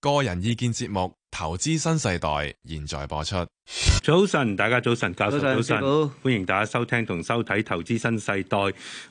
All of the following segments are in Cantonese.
個人意見節目《投資新世代》現在播出。早晨，大家早晨，教授早晨，早晨傅歡迎大家收聽同收睇《投資新世代》。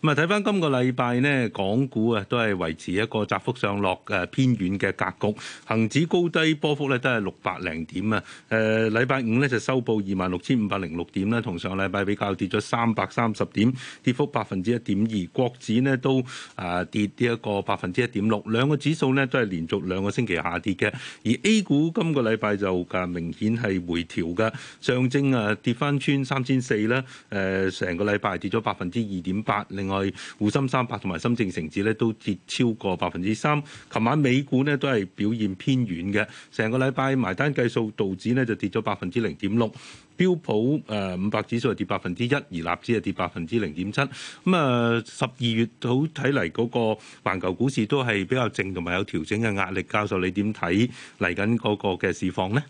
咁啊，睇返今個禮拜咧，港股啊，都係維持一個窄幅上落誒偏軟嘅格局，恒指高低波幅咧都係六百零點啊。誒、呃，禮拜五咧就收報二萬六千五百零六點啦，同上個禮拜比較跌咗三百三十點，跌幅百分之一點二。國指咧都誒跌呢一個百分之一點六，兩個指數咧都係連續兩個星期下跌嘅。而 A 股今個禮拜就誒明顯係回調噶。上證啊跌返穿三千四咧，誒成個禮拜跌咗百分之二點八，另外滬深三百同埋深證成指咧都跌超過百分之三。琴晚美股呢都係表現偏軟嘅，成個禮拜埋單計數道指呢就跌咗百分之零點六，標普誒五百指數係跌百分之一，而納指係跌百分之零點七。咁啊，十二月好睇嚟嗰個環球股市都係比較靜同埋有調整嘅壓力。教授你點睇嚟緊嗰個嘅市況呢？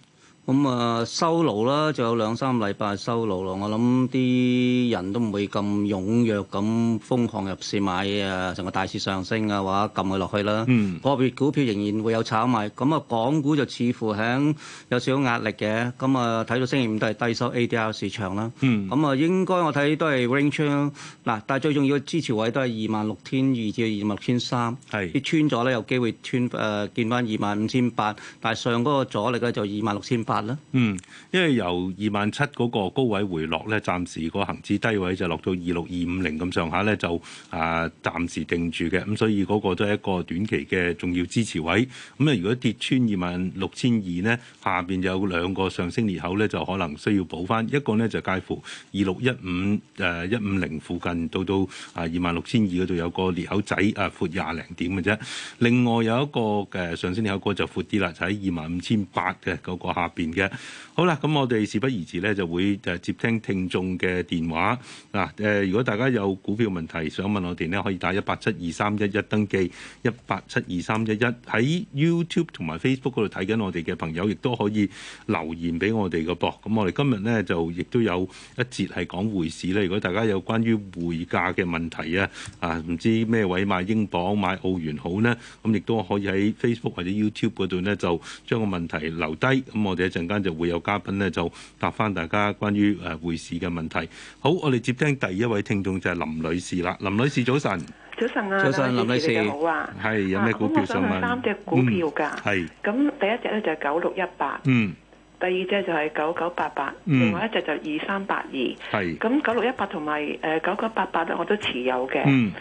咁啊、嗯、收爐啦，就有兩三個禮拜收爐咯。我諗啲人都唔會咁踴躍咁瘋狂入市買啊，成個大市上升嘅話，撳佢落去啦。嗯。個別股票仍然會有炒賣，咁、嗯、啊，港股就似乎喺有少少壓力嘅。咁、嗯、啊，睇到星期五都係低收 ADR 市場啦、嗯嗯。嗯。咁啊，應該我睇都係 r i n g chart 嗱，但係最重要嘅支持位都係二萬六千二至二萬六千三。係。跌穿咗咧，有機會穿誒、呃、見翻二萬五千八，但係上嗰個阻力咧就二萬六千八。嗯，因為由二萬七嗰個高位回落咧，暫時個恆指低位就落到二六二五零咁上下咧，就啊暫時定住嘅。咁所以嗰個都係一個短期嘅重要支持位。咁啊，如果跌穿二萬六千二呢，下邊有兩個上升裂口咧，就可能需要補翻。一個呢就介乎二六一五誒一五零附近，到到啊二萬六千二嗰度有個裂口仔啊，闊廿零點嘅啫。另外有一個嘅上升裂口個就闊啲啦，就喺二萬五千八嘅嗰個下邊。嘅，好啦，咁我哋事不宜遲呢，就會誒接聽聽眾嘅電話嗱。誒、呃，如果大家有股票問題想問我哋呢，可以打一八七二三一一，登記一八七二三一一。喺 YouTube 同埋 Facebook 嗰度睇緊我哋嘅朋友，亦都可以留言俾我哋嘅噃。咁我哋今日呢，就亦都有一節係講匯市呢。如果大家有關於匯價嘅問題啊，啊唔知咩位買英鎊買澳元好呢，咁亦都可以喺 Facebook 或者 YouTube 嗰度呢，就將個問題留低。咁我哋陣間就會有嘉賓咧，就答翻大家關於誒匯市嘅問題。好，我哋接聽第一位聽眾就係林女士啦。林女士早晨，早晨啊，早晨林女士好啊，係有咩股票想問？三隻股票噶，係咁第一隻咧就係九六一八，嗯，第二隻就係九九八八，嗯，另外一隻就二三八二，係咁九六一八同埋誒九九八八咧，我都持有嘅，嗯，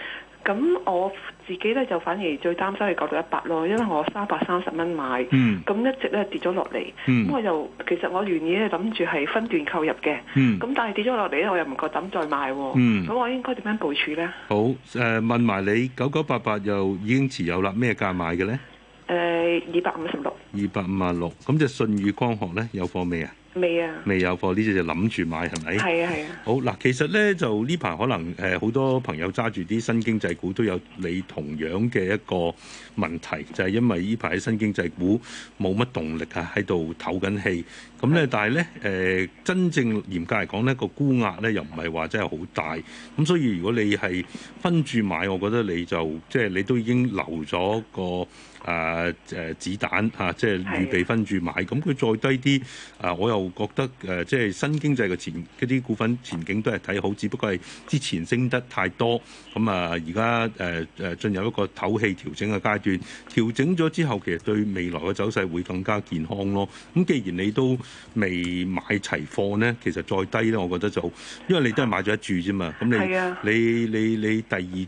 咁我。自己咧就反而最擔心係九到一百咯，因為我三百三十蚊買，咁、嗯、一直咧跌咗落嚟，咁、嗯、我又其實我願意咧諗住係分段購入嘅，咁、嗯、但係跌咗落嚟咧，我又唔夠膽再買喎、啊，咁、嗯、我應該點樣部署咧？好，誒、呃、問埋你九九八八又已經持有啦，咩價買嘅咧？誒二百五十六。二百五啊六，咁就舜宇光學咧有貨未啊？未啊！未有貨，呢隻就諗住買係咪？係啊係啊！好嗱，其實咧就呢排可能誒好多朋友揸住啲新經濟股都有你同樣嘅一個問題，就係因為呢排新經濟股冇乜動力啊，喺度唞緊氣。咁咧，但係咧，誒、呃、真正嚴格嚟講咧，個沽壓咧又唔係話真係好大。咁所以如果你係分注買，我覺得你就即係、就是、你都已經留咗個誒誒、呃、子彈嚇，即、啊、係、就是、預備分注買。咁佢再低啲，啊，我又覺得誒，即、啊、係、就是、新經濟嘅前嗰啲股份前景都係睇好，只不過係之前升得太多。咁啊，而家誒誒進入一個唞氣調整嘅階段，調整咗之後，其實對未來嘅走勢會更加健康咯。咁既然你都，未買齊貨咧，其實再低咧，我覺得就好，因為你都係買咗一注啫嘛，咁你係啊你你你，你第二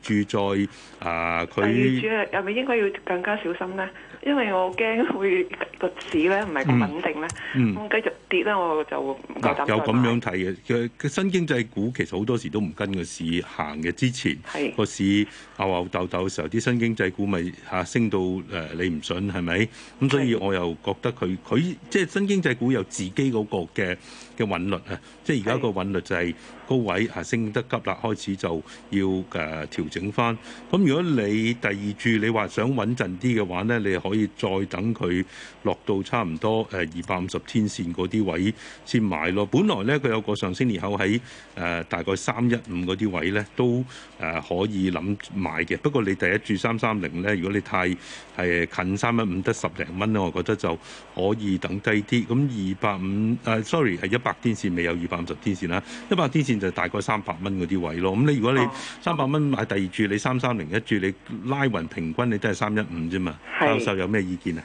注再啊佢、呃、第二注係咪應該要更加小心咧？因為我驚會個市咧唔係咁穩定咧，咁繼、嗯嗯、續跌咧我就唔敢再買。咁樣睇嘅，佢新經濟股其實好多時都唔跟個市行嘅。之前個是市吽吽鬥鬥嘅時候，啲新經濟股咪嚇升到誒、呃、你唔信係咪？咁所以我又覺得佢佢是即係新經濟股有自己嗰個嘅嘅韻律啊。即係而家個韻律就係、是。高位啊升得急啦，開始就要誒調、啊、整翻。咁如果你第二注你想話想穩陣啲嘅話咧，你可以再等佢落到差唔多誒二百五十天線嗰啲位先買咯。本來咧佢有個上升裂口喺誒大概三一五嗰啲位咧，都、啊、誒可以諗買嘅。不過你第一注三三零咧，如果你太係、啊、近三一五得十零蚊咧，我覺得就可以等低啲。咁二百五誒 sorry 係一百天線未有二百五十天線啦，一百天線。就大概三百蚊嗰啲位咯，咁你如果你三百蚊買第二注，你三三零一注，你拉匀平均你都係三一五啫嘛，教授是有咩意見啊？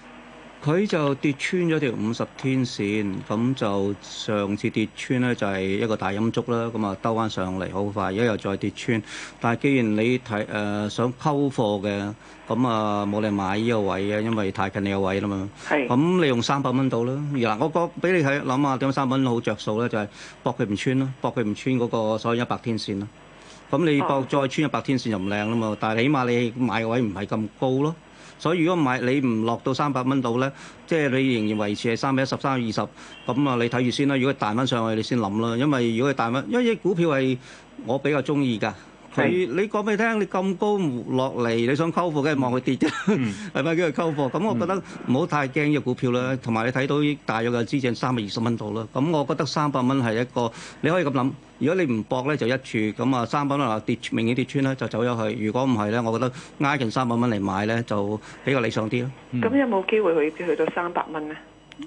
佢就跌穿咗條五十天線，咁就上次跌穿咧就係、是、一個大陰燭啦，咁啊兜翻上嚟好快，而家又再跌穿。但係既然你睇誒想溝貨嘅，咁啊冇你買呢個位啊，因為太近你個位啦嘛。係。咁你用三百蚊度啦。嗱，我覺俾你睇，諗下點樣三百蚊好着數咧，就係博佢唔穿咯，博佢唔穿嗰個所謂一百天線咯。咁你博再穿一百天線就唔靚啦嘛。但係起碼你買個位唔係咁高咯。所以如果唔係，你唔落到三百蚊度咧，即係你仍然維持係三百一十、三百二十咁啊，你睇住先啦。如果彈翻上去，你先諗啦。因為如果佢彈翻，因為啲股票係我比較中意噶。係你講俾佢聽，你咁高唔落嚟，你想溝貨，梗係望佢跌啫，係咪、嗯、 叫佢溝貨？咁我覺得唔好太驚呢個股票啦。同埋你睇到大約嘅支撐三百二十蚊度啦。咁我覺得三百蚊係一個你可以咁諗。如果你唔搏咧，就一注咁啊，三百蚊啊跌，明顯跌穿咧，就走咗去。如果唔係咧，我覺得挨近三百蚊嚟買咧，就比較理想啲咯。咁、嗯、有冇機會去去到三百蚊咧？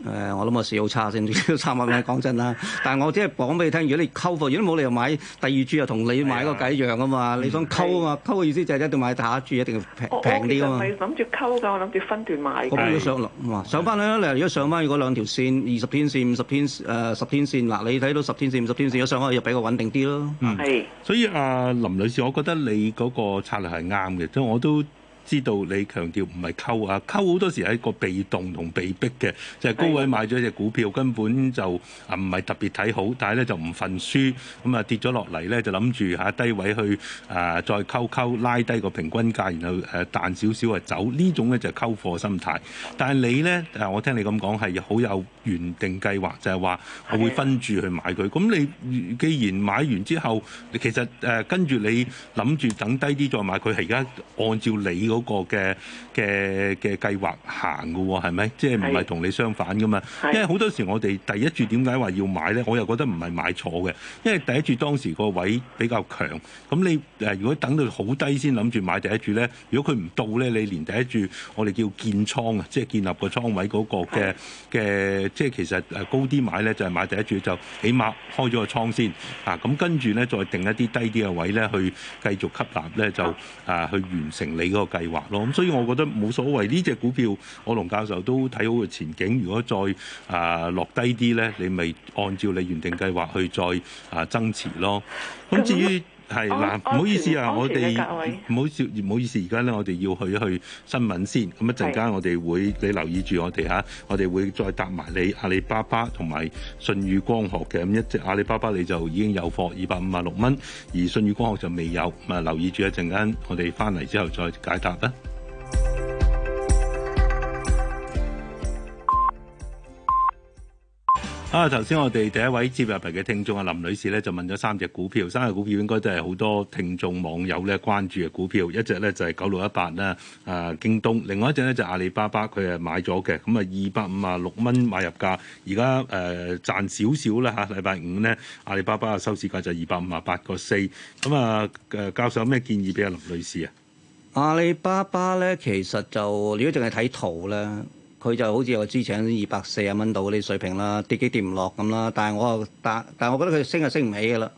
誒，uh, 我諗個市好差先， 三萬蚊。講真啦，但係我只係講俾你聽。如果你溝貨，如果冇理由買第二注又同你買個價一樣啊嘛。是啊你想溝是啊溝溝一一嘛，溝嘅意思就係一定要買下一注，一定要平平啲啊嘛。我我其實諗住溝㗎，我諗住分段買。我都上落，上翻去啦。你如果上翻去嗰兩條線，二十天線、五十天、誒、十天線嗱，你睇到十天線、五十天線，我上翻去又比較穩定啲咯。嗯，所以阿林女士，我覺得你嗰個策略係啱嘅，所以我都。知道你強調唔係溝啊，溝好多時係一個被動同被逼嘅，就係、是、高位買咗隻股票，根本就啊唔係特別睇好，但係咧就唔憤輸，咁啊跌咗落嚟咧就諗住吓低位去誒、啊、再溝溝拉低個平均價，然後誒彈少少啊走，呢種咧就係溝貨心態，但係你咧誒我聽你咁講係好有原定計劃，就係、是、話我會分注去買佢。咁你既然買完之後，你其實誒跟住你諗住等低啲再買，佢係而家按照你個嗰個嘅嘅嘅計劃行嘅喎，係咪？即係唔係同你相反噶嘛？因為好多時我哋第一注點解話要買咧，我又覺得唔係買錯嘅，因為第一注當時個位比較強，咁你誒如果等到好低先諗住買第一注咧，如果佢唔到咧，你連第一注我哋叫建倉啊，即係建立個倉位嗰個嘅嘅，即係其實誒高啲買咧就係買第一注，就起碼開咗個倉先啊。咁跟住咧再定一啲低啲嘅位咧去繼續吸納咧，就誒去完成你個計。話咯，咁所以我覺得冇所謂呢隻股票，我龍教授都睇好個前景。如果再啊落低啲咧，你咪按照你原定計劃去再啊增持咯。咁至於。係嗱，唔好意思啊，全我哋唔好少，唔好意思，而家咧我哋要去一去新聞先，咁一陣間我哋會的你留意住我哋嚇，我哋會再答埋你阿里巴巴同埋信譽光學嘅，咁一隻阿里巴巴你就已經有貨二百五啊六蚊，而信譽光學就未有，咁啊留意住一陣間，我哋翻嚟之後再解答啦。啊！頭先我哋第一位接入嚟嘅聽眾阿林女士咧就問咗三隻股票，三隻股票應該都係好多聽眾網友咧關注嘅股票。一隻咧就係九六一八啦，啊京東，另外一隻咧就係阿里巴巴，佢係買咗嘅，咁啊二百五啊六蚊買入價，而家誒賺少少啦吓，禮拜五咧阿里巴巴嘅收市價就二百五啊八個四，咁啊誒教授有咩建議俾阿林女士啊？阿里巴巴咧、啊、其實就如果淨係睇圖咧。佢就好似話支持二百四啊蚊度嗰啲水平啦，跌幾跌唔落咁啦。但係我又但但係我覺得佢升就升唔起嘅啦，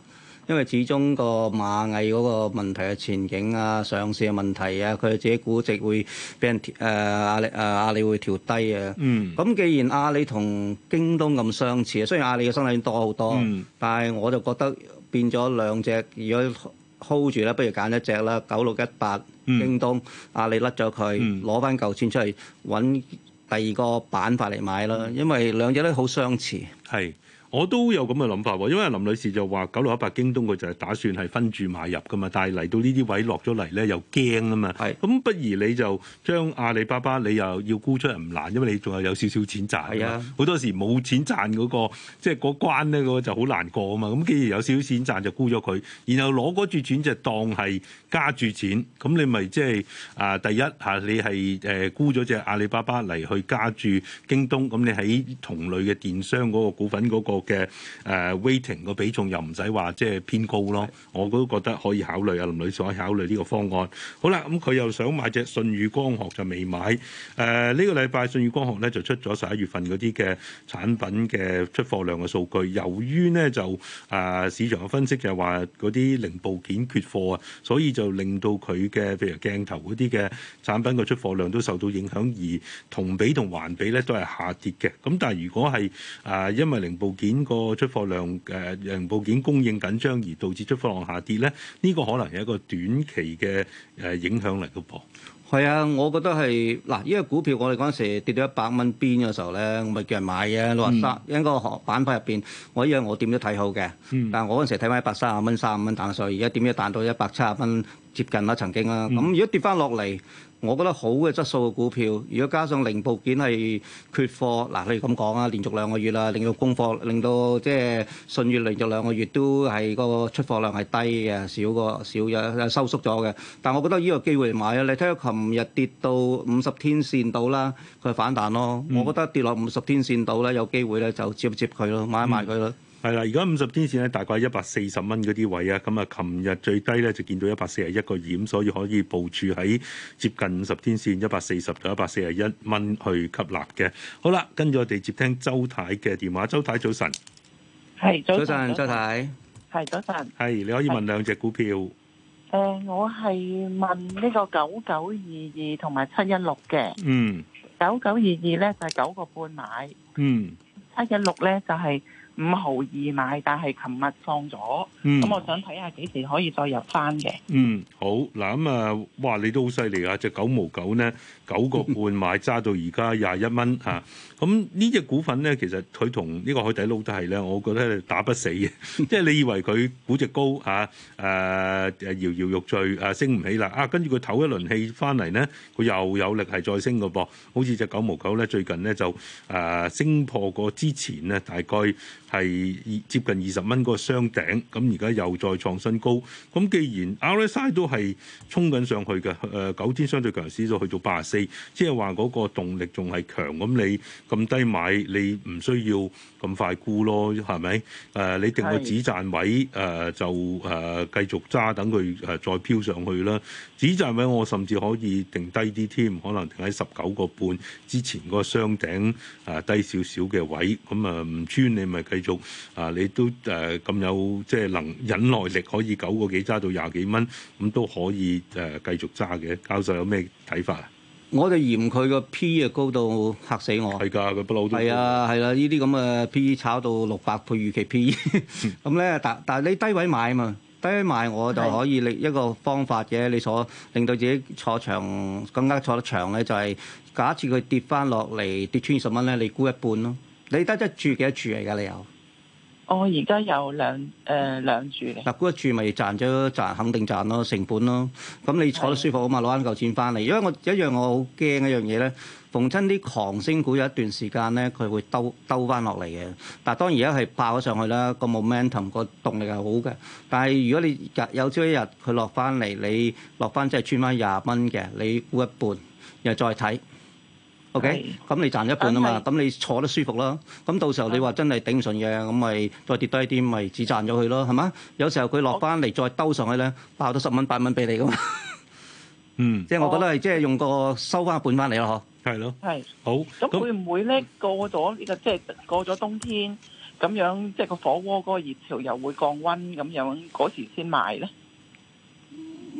因為始終個螞蟻嗰個問題嘅前景啊、上市嘅問題啊，佢自己估值會俾人誒阿阿里會調低啊。嗯。咁既然阿里同京東咁相似，雖然阿里嘅生產多好多，mm. 但係我就覺得變咗兩隻如果 hold 住咧，不如揀一隻啦，九六一八京東、mm. 阿里甩咗佢，攞翻嚿錢出嚟揾。第二個板塊嚟買啦，因為兩隻都好相似。係。我都有咁嘅諗法喎，因為林女士就話九六一八京東佢就係打算係分注買入噶嘛，但係嚟到呢啲位落咗嚟咧又驚啊嘛，咁是不如你就將阿里巴巴你又要沽出嚟唔難，因為你仲係有少少錢賺。係啊，好多時冇錢賺嗰個即係嗰關咧，個就好難過啊嘛。咁既然有少少錢賺就沽咗佢，然後攞嗰注錢就當係加注錢，咁你咪即係啊第一嚇你係誒沽咗隻阿里巴巴嚟去加注京東，咁你喺同類嘅電商嗰個股份嗰個。嘅誒 waiting 個比重又唔使話即係偏高咯，的我都覺得可以考慮啊，林女士可以考慮呢個方案。好啦，咁、嗯、佢又想買隻舜宇光學就未買誒呢、呃這個禮拜舜宇光學咧就出咗十一月份嗰啲嘅產品嘅出貨量嘅數據。由於咧就誒、呃、市場嘅分析就係話嗰啲零部件缺貨啊，所以就令到佢嘅譬如鏡頭嗰啲嘅產品嘅出貨量都受到影響，而同比同環比咧都係下跌嘅。咁但係如果係誒、呃、因為零部件，點個出貨量誒，零、呃、部件供應緊張而導致出貨量下跌咧？呢、這個可能有一個短期嘅誒、呃、影響嚟嘅噃。係啊，我覺得係嗱，呢個股票我哋嗰陣時跌到一百蚊邊嘅時候咧，我咪叫人買嘅六啊三，因個板塊入邊，我以為我點都睇好嘅。嗯、但係我嗰陣時睇翻一百三十蚊、三十五蚊彈，所以而家點樣彈到一百七十蚊。接近啦，曾經啦，咁如果跌翻落嚟，我覺得好嘅質素嘅股票，如果加上零部件係缺貨，嗱，可以咁講啊，連續兩個月啦，令到供貨，令到即係信譽嚟，就兩個月都係個出貨量係低嘅，少過少咗，收縮咗嘅。但係我覺得呢個機會嚟買啊，你睇下琴日跌到五十天線度啦，佢反彈咯。我覺得跌落五十天線度咧，有機會咧就接一接佢咯，買一買佢咯。係啦，而家五十天線咧大概一百四十蚊嗰啲位啊，咁、嗯、啊，琴日最低咧就見到一百四十一個點，所以可以部署喺接近五十天線一百四十到一百四十一蚊去吸納嘅。好啦，跟住我哋接聽周太嘅電話。周太早晨，係早，早晨，周太，係早晨，係你可以問兩隻股票。誒、呃，我係問呢個九九二二同埋七一六嘅。嗯，九九二二咧就係、是、九個半買。嗯，七一六咧就係、是。五毫二買，但係琴日放咗，咁、嗯、我想睇下幾時可以再入返嘅。嗯，好嗱，咁啊，哇，你都好犀利啊！隻九毛九呢？九個半買揸到而家廿一蚊嚇，咁呢隻股份咧，其實佢同呢個海底撈都係咧，我覺得打不死嘅。即、就、係、是、你以為佢估值高嚇，誒搖搖欲墜，誒升唔起啦，啊跟住佢唞一輪氣翻嚟咧，佢、啊啊啊、又有力係再升個噃。好似隻九毛九咧，最近咧就誒、啊、升破過之前咧，大概係接近二十蚊嗰個雙頂，咁而家又再創新高。咁、啊、既然 RSI 都係衝緊上去嘅，誒、啊、九天相對強勢都去到八十四。即係話嗰個動力仲係強咁，噉你咁低買，你唔需要咁快沽咯，係咪？誒、呃，你定個止賺位誒、呃，就誒、呃、繼續揸，等佢誒再飄上去啦。止賺位我甚至可以定低啲添，可能定喺十九個半之前個雙頂誒、呃、低少少嘅位咁啊，唔穿、呃、你咪繼續啊、呃。你都誒咁、呃、有即係能忍耐力，可以九個幾揸到廿幾蚊咁都可以誒、呃、繼續揸嘅。教授有咩睇法啊？我就嫌佢個 P E 高到嚇死我。係㗎，佢不嬲都係啊，係啦，呢啲咁嘅 P E 炒到六百倍預期 P E，咁咧但但係你低位買啊嘛，低位買我就可以另一個方法嘅，你所令到自己坐長更加坐得長咧，就係、是、假設佢跌翻落嚟跌穿二十蚊咧，你沽一半咯。你得一注幾多注嚟㗎？你又。我而家有兩誒、呃、兩住咧，嗱，嗰一住咪賺咗賺，肯定賺咯，成本咯。咁你坐得舒服啊嘛，攞翻嚿錢翻嚟。因為我有一樣我好驚嘅一樣嘢咧，逢親啲狂升股有一段時間咧，佢會兜兜翻落嚟嘅。但係當然而家係爆咗上去啦，個 momentum 個動力係好嘅。但係如果你有朝一日佢落翻嚟，你落翻即係穿翻廿蚊嘅，你沽一半，然後再睇。OK，咁你賺一半啊嘛，咁你坐得舒服咯。咁到時候你話真係頂唔順嘅，咁咪再跌低啲，咪止賺咗佢咯，係嘛？有時候佢落翻嚟再兜上去咧，爆到十蚊八蚊俾你噶嘛。嗯，即係我覺得係即係用個收翻一半翻嚟咯，嗬。係咯。係。好。咁會唔會咧，過咗呢個，即係過咗冬天咁樣，即係個火鍋嗰個熱潮又會降溫咁樣，嗰時先賣咧？.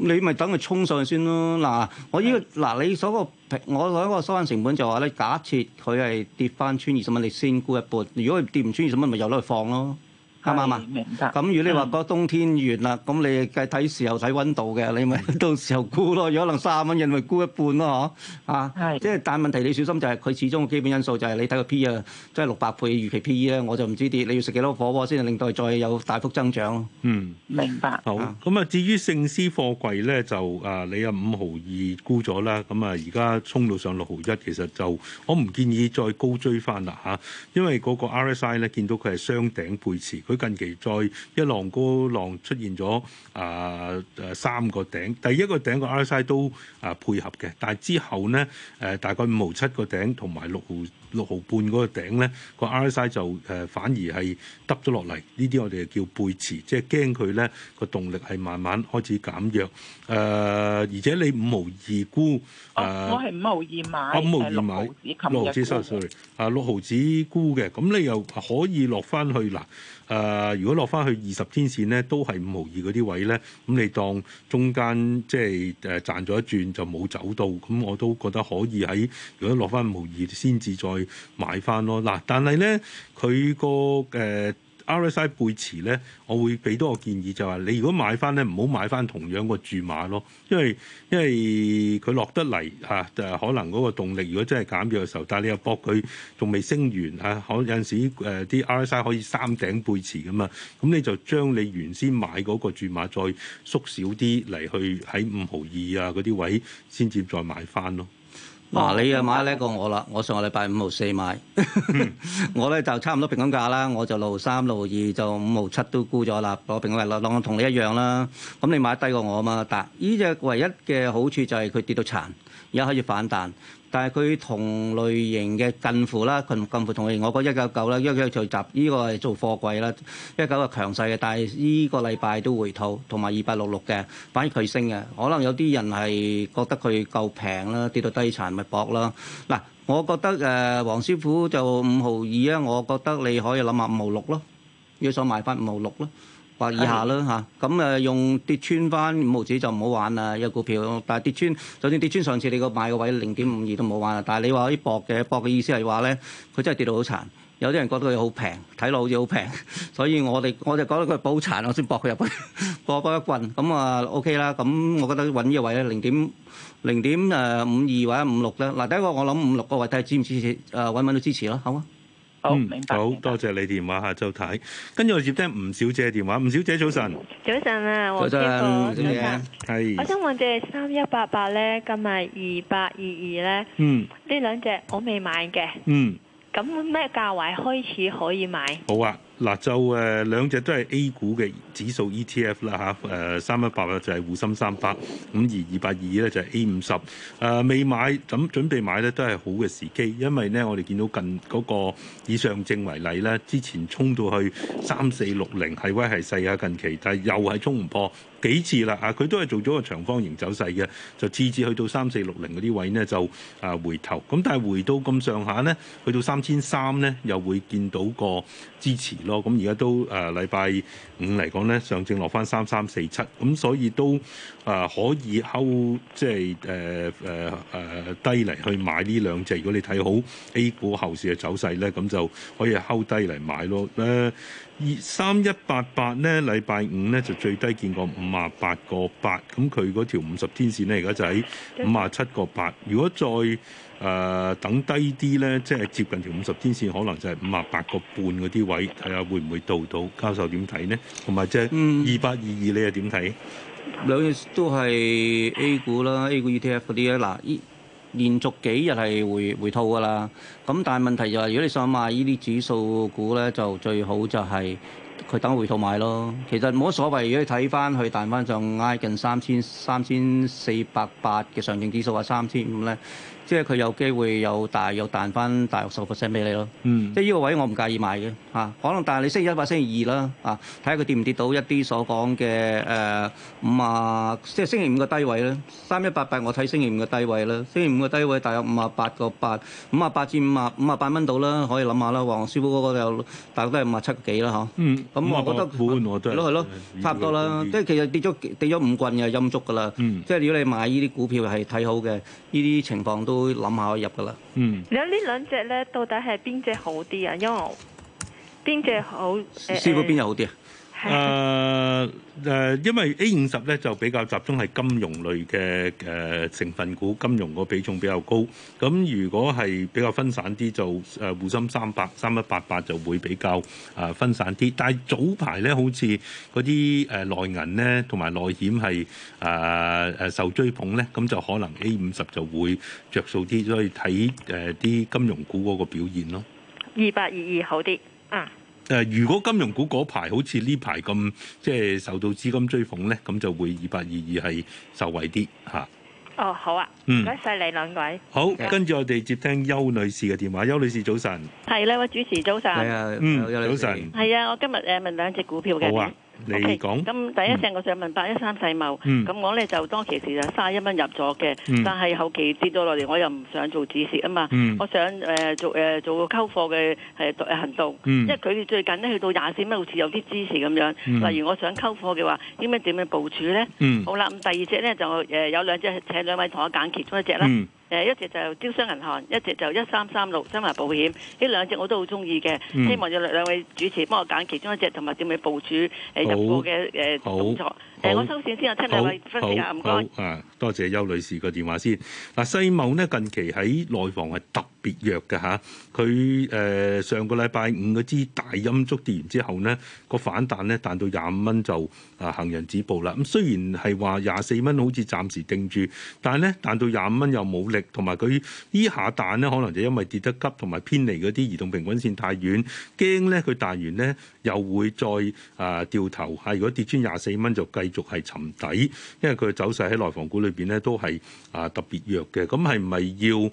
你咪等佢衝上去先咯，嗱，我依、這個嗱你所個平，我嗰個收返成本就話咧，假設佢係跌翻穿二十蚊，你先沽一半；如果佢跌唔穿二十蚊，咪由得佢放咯。啱嘛嘛，咁如果你話、個冬天完啦，咁是你計睇時候睇溫度嘅，你咪到時候沽咯。如可能三蚊，你咪沽一半咯，嚇是，啊，即係但係問題你小心就係、是、佢始終嘅基本因素就係、是、你睇個 P 啊，即係六百倍預期 P/E 咧，我就唔知啲你要食幾多火鍋先令到佢再有大幅增長。嗯，明白。是好，咁啊至於勝獅貨櫃咧就啊你啊五毫二沽咗啦，咁啊而家衝到上六毫一，其實就我唔建議再高追翻啦嚇，因為嗰個 RSI 咧見到佢係雙頂背馳，佢。近期再一浪高浪出現咗啊、呃，三個頂，第一個頂個 RSI 都啊配合嘅，但係之後呢，誒、呃，大概五毫七個頂同埋六毫六毫半嗰個頂呢，個 RSI 就誒、呃、反而係耷咗落嚟，呢啲我哋叫背馳，即係驚佢呢個動力係慢慢開始減弱。誒、呃，而且你五毫二沽，哦呃、我係五毫二買，五毫二買，六毫子收，sorry，啊，六毫子沽嘅，咁你又可以落翻去喇。誒、呃，如果落翻去二十天線咧，都係五毫二嗰啲位咧，咁、嗯、你當中間即係誒賺咗一轉就冇走到，咁、嗯、我都覺得可以喺如果落翻五毫二先至再買翻咯。嗱、啊，但係咧佢個誒。RSI 背馳咧，我會俾多個建議，就係、是、你如果買翻咧，唔好買翻同樣個注碼咯，因為因為佢落得嚟嚇，可能嗰個動力如果真係減咗嘅時候，但係你又搏佢仲未升完嚇，可、啊、有陣時誒啲、呃、RSI 可以三頂背馳噶嘛，咁你就將你原先買嗰個注碼再縮少啲嚟去喺五毫二啊嗰啲位先至再買翻咯。嗱、啊，你又買叻過我啦！我上個禮拜五號四買，嗯、 我咧就差唔多平均價啦，我就六三六二，2, 就五號七都沽咗啦。我平均浪同你一樣啦，咁你買低過我嘛？但呢隻唯一嘅好處就係佢跌到殘，而家開始反彈。但係佢同類型嘅近乎啦，近近乎同類型。我覺得 9, 一九九啦，一九就集，呢個係做貨櫃啦，一九係強勢嘅，但係呢個禮拜都回吐，同埋二八六六嘅，反而佢升嘅，可能有啲人係覺得佢夠平啦，跌到低殘咪搏啦。嗱，我覺得誒黃、呃、師傅就五毫二啊，我覺得你可以諗下五毫六咯，要想買翻五毫六咯。百以下咯嚇，咁、嗯、誒用跌穿翻五毫紙就唔好玩啦，有股票。但係跌穿，就算跌穿上次你個買個位零點五二都唔好玩啦。但係你話可以搏嘅，搏嘅意思係話咧，佢真係跌到好殘。有啲人覺得佢好平，睇落好似好平，所以我哋我就覺得佢係補殘，我先搏佢入去，搏搏一,一棍。咁、嗯、啊 OK 啦，咁、嗯、我覺得揾呢個位咧零點零點誒五二或者五六啦。嗱，第一個我諗五六個位睇下支唔支持誒揾唔到支持啦，好啊。嗯，oh, 明白好明白多謝你電話下周睇，跟住我接聽吳小姐電話。吳小姐早晨，早晨啊，我接過，早晨。係，我想問隻三一八八咧，今日二八二二咧，呢兩隻我未買嘅，咁咩價位開始可以買？好啊，嗱就誒，兩隻都係 A 股嘅。指數 ETF 啦嚇，誒三一八就係滬深三百，咁二二八二咧就係 A 五十。誒未買，咁準備買咧？都係好嘅時機，因為咧我哋見到近嗰、那個以上證為例咧，之前衝到去三四六零係威係勢啊，近期但係又係衝唔破幾次啦啊！佢都係做咗個長方形走勢嘅，就次次去到三四六零嗰啲位呢就啊回頭，咁但係回到咁上下呢，去到三千三呢又會見到個支持咯。咁而家都誒禮拜五嚟講，咧上證落翻三三四七，咁所以都啊、呃、可以溝即係誒誒誒低嚟去買呢兩隻。如果你睇好 A 股後市嘅走勢咧，咁就可以溝低嚟買咯。咧二三一八八咧，禮拜五咧就最低見過五啊八個八，咁佢嗰條五十天線咧而家就喺五啊七個八。如果再誒、呃、等低啲咧，即係接近條五十天線，可能就係五啊八個半嗰啲位，睇下會唔會到到？教授點睇呢？同埋即係二八二二，你又點睇？兩件、嗯、都係 A 股啦，A 股啦 E T F 啲咧。嗱，依連續幾日係回回吐噶啦。咁但係問題就係，如果你想買呢啲指數股咧，就最好就係佢等回吐買咯。其實冇所謂，如果你睇翻佢彈翻上挨近三千三千四百八嘅上證指數啊，三千五咧。即係佢有機會有大有彈翻大個數 percent 俾你咯。嗯、即係呢個位我唔介意買嘅嚇，可能，啊，但係你星期一或星期二啦嚇，睇下佢跌唔跌到一啲所講嘅誒五啊，即係星期五嘅低位啦。三一八八我睇星期五嘅低位啦，星期五嘅低位大約五啊八個八，五啊八至五啊五啊八蚊到啦，可以諗下啦。黃師傅嗰個又大概都係五啊七幾啦嚇。咁、嗯嗯、我覺得係咯係咯，差唔多啦。即係 50. 其實跌咗跌咗五棍嘅陰燭噶啦。嗯、即係如果你買呢啲股票係睇好嘅，呢啲情況都。會諗下入噶啦嗯。你有呢兩隻咧，到底係邊隻好啲啊？因為邊隻好、呃、師傅邊隻好啲啊？誒誒，因為 A 五十咧就比較集中係金融類嘅誒成分股，金融個比重比較高。咁如果係比較分散啲，就誒滬深三百三一八八就會比較誒分散啲。但係早排咧，好似嗰啲誒內銀咧同埋內險係誒誒受追捧咧，咁就可能 A 五十就會著數啲。所以睇誒啲金融股嗰個表現咯。二八二二好啲，嗯。誒，如果金融股嗰排好似呢排咁，即係受到資金追捧咧，咁就會二八二二係受惠啲嚇。哦，好啊，唔該晒你兩位。好，是跟住我哋接聽邱女士嘅電話。邱女士早晨。係啦，喂，主持早晨。係啊，嗯，早晨。係啊，我今日誒問兩隻股票嘅。好啊。你講咁第一隻，我想問八一三世茂。咁、嗯、我咧就當其時就卅一蚊入咗嘅，嗯、但係後期跌咗落嚟，我又唔想做止蝕啊嘛。嗯、我想誒、呃、做誒、呃、做個溝貨嘅係行動，嗯、因為佢哋最近咧去到廿四蚊，好似有啲支持咁樣。嗯、例如我想溝貨嘅話，應該點樣部署咧？嗯、好啦，咁第二隻咧就誒、呃、有兩隻，請兩位同我揀其中一隻啦。嗯誒一隻就招商銀行，一隻就一三三六新華保險，呢兩隻我都好中意嘅，希望有兩位主持幫我揀其中一隻，同埋點樣部署誒入貨嘅誒動作。 誒，我收線先，我聽下你分析下，啊，多謝邱女士個電話先。嗱、啊，世貿咧近期喺內房係特別弱嘅嚇。佢、啊、誒、呃、上個禮拜五嗰支大陰燭跌完之後咧，個反彈咧彈到廿五蚊就啊行人止步啦。咁、啊、雖然係話廿四蚊好似暫時定住，但係咧彈到廿五蚊又冇力，同埋佢呢下彈咧可能就因為跌得急，同埋偏離嗰啲移動平均線太遠，驚咧佢彈完咧又會再啊掉頭嚇、啊。如果跌穿廿四蚊就計。繼續係沉底，因為佢嘅走勢喺內房股裏邊咧都係啊特別弱嘅。咁係唔係要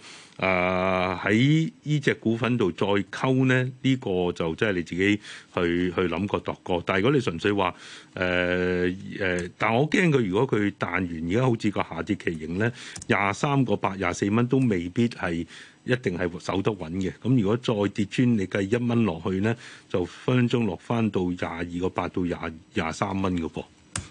啊喺依隻股份度再溝呢？呢、呢個就即係你自己去去諗過度過。但係如果你純粹話誒誒，但我驚佢如果佢彈完而家好似個下跌旗形呢，廿三個八廿四蚊都未必係一定係守得穩嘅。咁如果再跌穿，你計一蚊落去呢，就分分鐘落翻到廿二個八到廿廿三蚊嘅噃。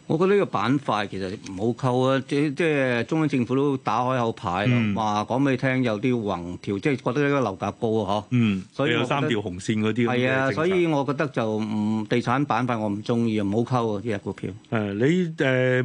我覺得呢個板塊其實唔好溝啊！即即中央政府都打開口牌啦，話講俾你聽有啲宏調，即係覺得呢個樓價高啊！嗬，嗯，所以有三條紅線嗰啲係啊，所以我覺得就唔地產板塊我唔中意啊，唔好溝啊啲股票。誒、啊，你誒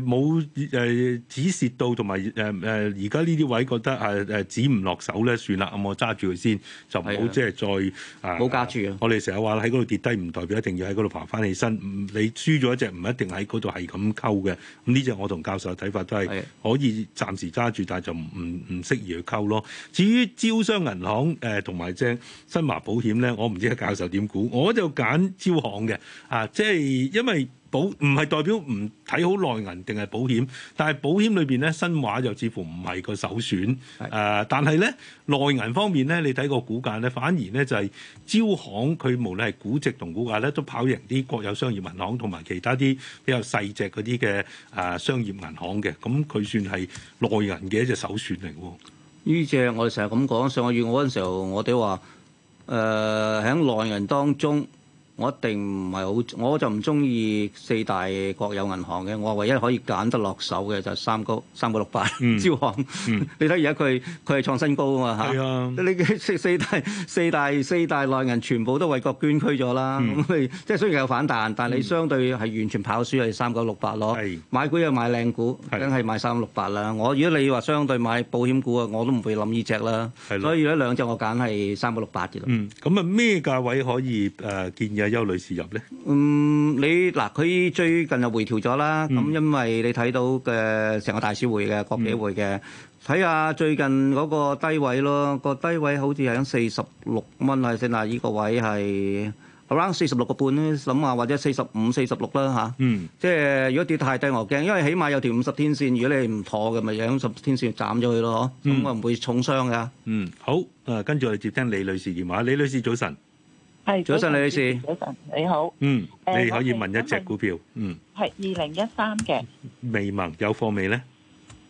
冇誒止蝕到，同埋誒誒而家呢啲位覺得誒誒止唔落手咧，算啦，咁、嗯、我揸住佢先，就唔好即係再冇揸住啊！我哋成日話喺嗰度跌低唔代表一定要喺嗰度爬翻起身，你輸咗一隻唔一定喺嗰度係咁。溝嘅，咁呢隻我同教授嘅睇法，都係可以暫時揸住，但係就唔唔適宜去溝咯。至於招商銀行誒同埋即新華保險咧，我唔知阿教授點估，我就揀招行嘅啊，即係因為。保唔係代表唔睇好內銀定係保險，但係保險裏邊咧，新華就似乎唔係個首選。誒的、呃，但係咧內銀方面咧，你睇個股價咧，反而咧就係、是、招行佢無論係估值同股價咧，都跑贏啲國有商業銀行同埋其他啲比較細隻嗰啲嘅誒商業銀行嘅。咁、嗯、佢算係內銀嘅一隻首選嚟嘅。呢隻我哋成日咁講，上個月我嗰陣時候，我哋話誒喺內銀當中。我一定唔係好，我就唔中意四大國有銀行嘅。我唯一可以揀得落手嘅就係三個、三九六八、嗯、招行。嗯、 你睇而家佢佢係創新高啊嘛嚇、啊！你四大四大四大內銀全部都為國捐軀咗啦。咁佢即係雖然有反彈，但係你相對係完全跑輸係三九六八囉。是買股又買靚股，梗係是買三個六八啦。我如果你話相對買保險股啊，我都唔會諗呢隻啦。的所以如果兩隻我揀係三九六八嘅咁啊咩價位可以誒建議？邱女士入咧，嗯，你嗱佢最近又回調咗啦，咁、嗯、因為你睇到嘅成個大市會嘅國企會嘅，睇下、嗯、最近嗰個低位咯，個低位好似係響四十六蚊啊，即嗱依個位係 around 四十六個半咧，諗下或者四十五、四十六啦吓，嗯，即係如果跌太低我驚，因為起碼有條五十天線，如果你唔妥嘅，咪讓十天線斬咗佢咯，咁我唔會重傷嘅。嗯，好，啊跟住我哋接聽李女士電話，李女士早晨。係，早晨李女士。早晨，你好。嗯，你可以問一隻股票。嗯，係二零一三嘅。未聞有貨未咧？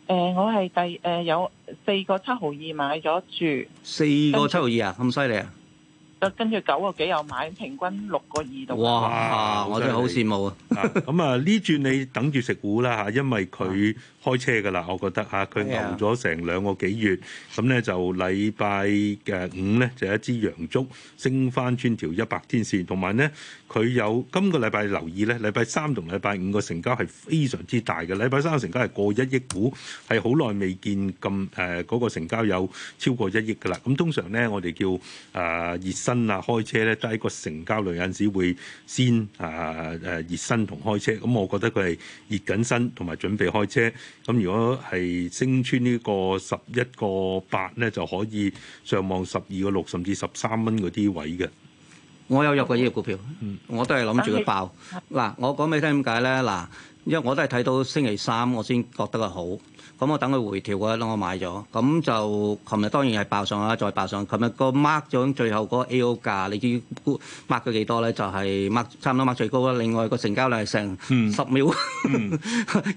誒，我係第誒有四個七毫二買咗住。四個七毫二啊，咁犀利啊！跟住九個幾又買，平均六個二到。哇，我真係好羨慕啊！咁啊，呢轉你等住食股啦吓，因為佢。開車嘅啦，我覺得啊，佢牛咗成兩個幾月，咁咧就禮拜嘅五咧就一支陽燭升翻穿條一百天線，同埋咧佢有今個禮拜留意咧，禮拜三同禮拜五個成交係非常之大嘅，禮拜三嘅成交係過一億股，係好耐未見咁誒嗰個成交有超過一億嘅啦。咁通常咧我哋叫誒熱身啊開車咧，都係一個成交量有陣時會先誒誒熱身同開車。咁我覺得佢係熱緊身同埋準備開車。咁如果係升穿呢個十一個八咧，就可以上望十二個六，甚至十三蚊嗰啲位嘅。我有入過呢隻股票，嗯，我都係諗住佢爆。嗱謝，我講俾你聽點解咧？嗱，因為我都係睇到星期三，我先覺得佢好。咁我等佢回調啊，當我買咗，咁就琴日當然係爆上啦，再爆上。琴日個 Mark 咗最後嗰個 A.O. 價，你知 Mark 咗幾多咧？就係、係、Mark 差唔多 Mark 最高啦。另外個成交量係成十秒，mm.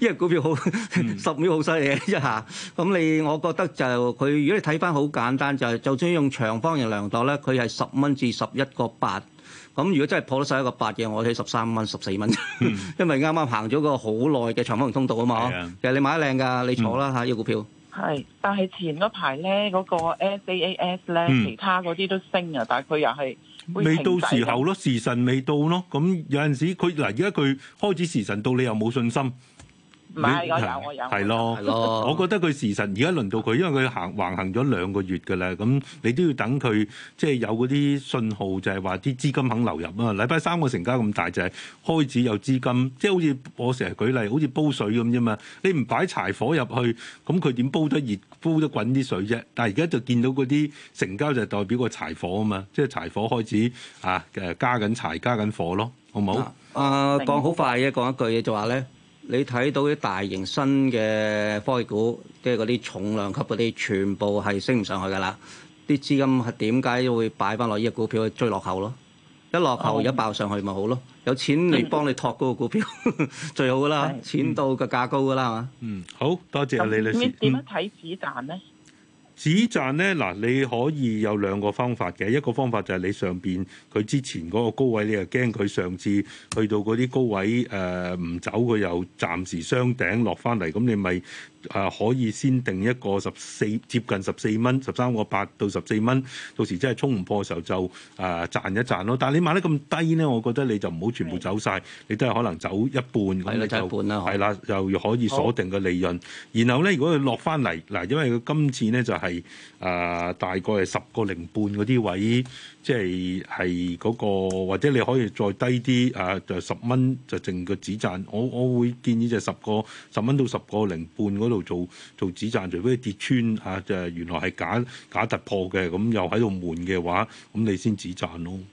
因為股票好、mm. 十秒好犀利一下。咁你我覺得就佢、係，如果你睇翻好簡單，就係、就算用長方形量度咧，佢係十蚊至十一個八。咁如果真係破得晒一個八嘅，我睇十三蚊、十四蚊，嗯、因為啱啱行咗個好耐嘅長方形通道啊嘛。的其實你買得靚噶，你坐啦嚇啲股票。係，但係前嗰排咧嗰個 SaaS 咧，嗯、其他嗰啲都升啊，但係佢又係未到時候咯，時辰未到咯。咁有陣時佢嗱，而家佢開始時辰到，你又冇信心。唔係我有我有，係咯係咯，我覺得佢事實而家輪到佢，因為佢行橫行咗兩個月嘅啦，咁你都要等佢，即係有嗰啲信號，就係話啲資金肯流入啊嘛，禮拜三個成交咁大，就係開始有資金，即係好似我成日舉例，好似煲水咁啫嘛。你唔擺柴火入去，咁佢點煲得熱、煲得滾啲水啫？但係而家就見到嗰啲成交就代表個柴火啊嘛，即係柴火開始啊誒加緊柴、加緊火咯，好唔好？啊，呃、講好快嘅，講一句嘢就話咧。你睇到啲大型新嘅科技股，即係嗰啲重量級嗰啲，全部係升唔上去㗎啦！啲資金係點解會擺翻落呢個股票去追落後咯？一落後而家、哦、爆上去咪好咯！有錢嚟幫你托嗰個股票、嗯、最好㗎啦，錢到個價高㗎啦嘛。嗯，好多謝，謝你李女士。你點樣睇子彈咧？止賺咧嗱，你可以有兩個方法嘅，一個方法就係你上邊，佢之前嗰個高位，你又驚佢上次去到嗰啲高位誒唔、呃、走，佢又暫時雙頂落翻嚟，咁你咪。誒、啊、可以先定一個十四接近十四蚊，十三個八到十四蚊，到時真係衝唔破嘅時候就誒賺、啊、一賺咯。但係你買得咁低咧，我覺得你就唔好全部走晒，你都係可能走一半咁，的你就係啦，又可以鎖定個利潤。哦、然後咧，如果佢落翻嚟嗱，因為佢今次咧就係、是、誒、啊、大概係十個零半嗰啲位。即係係嗰個，或者你可以再低啲啊，就十蚊就剩個止賺。我我會建議就十個十蚊到十個零半嗰度做做止賺。除非你跌穿啊，就原來係假假突破嘅，咁又喺度悶嘅話，咁你先止賺咯、嗯。